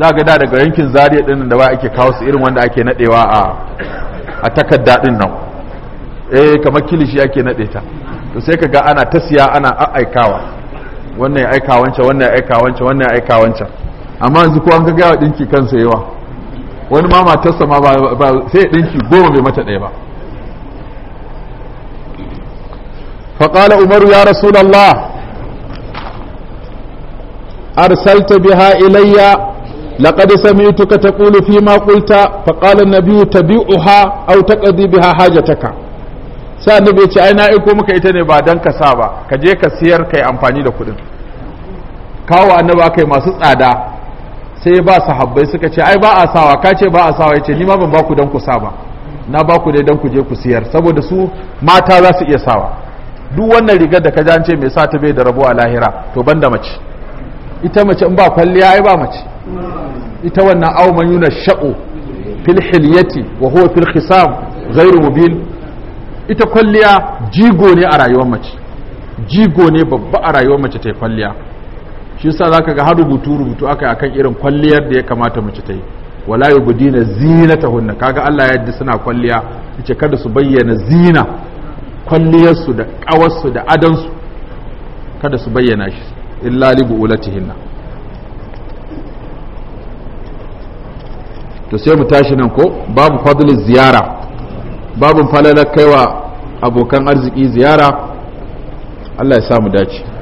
za ga da daga yankin zariya din da ba ake kawo su irin wanda ake nadewa a a takarda din nan eh kamar kilishi ake nade ta to sai kaga ana ta siya ana aikawa wannan ya aika wancan wannan ya aika wancan wannan ya aika wancan amma yanzu ko an ga gawa dinki kansa yawa wani ma mata sama ba sai dinki goma bai mata ɗaya ba fa Umaru umar ya rasulullah arsalta biha ilayya laqad sami'tuka taqulu fi ma qulta fa qala an-nabiyyu tabi'uha aw taqdi biha hajataka sa bai ya ce ai na iko maka ita ne ba dan ka sa ba ka je ka siyar kai amfani da kudin kawo annaba kai masu tsada sai ba sahabbai suka ce ai ba a sawa ka ce ba a sawa yace ni ma ban ba ku dan ku sa ba na ba ku dai dan ku je ku siyar saboda su mata za su iya sawa duk wannan rigar da ka ji an ce mai sa ta bai da rabo a lahira to ban da mace ita mace in ba kwalliya ai ba mace ita wannan au man yuna sha'u fil hilyati wa huwa fil khisam ghairu mubin ita kwalliya jigo ne a rayuwar mace jigo ne babba a rayuwar mace ta kwalliya shi sa zaka ga har rubutu rubutu aka yi akan irin kwalliyar da ya kamata mace ta yi wala ta hunna kaga Allah ya yadda suna kwalliya ce kada su bayyana zina kwalliyarsu da ƙawarsu da adansu kada su bayyana shi illa ulati hinna. to sai mu tashi nan ko babu fadli ziyara babu falalar kaiwa abokan arziki ziyara Allah ya sa mu dace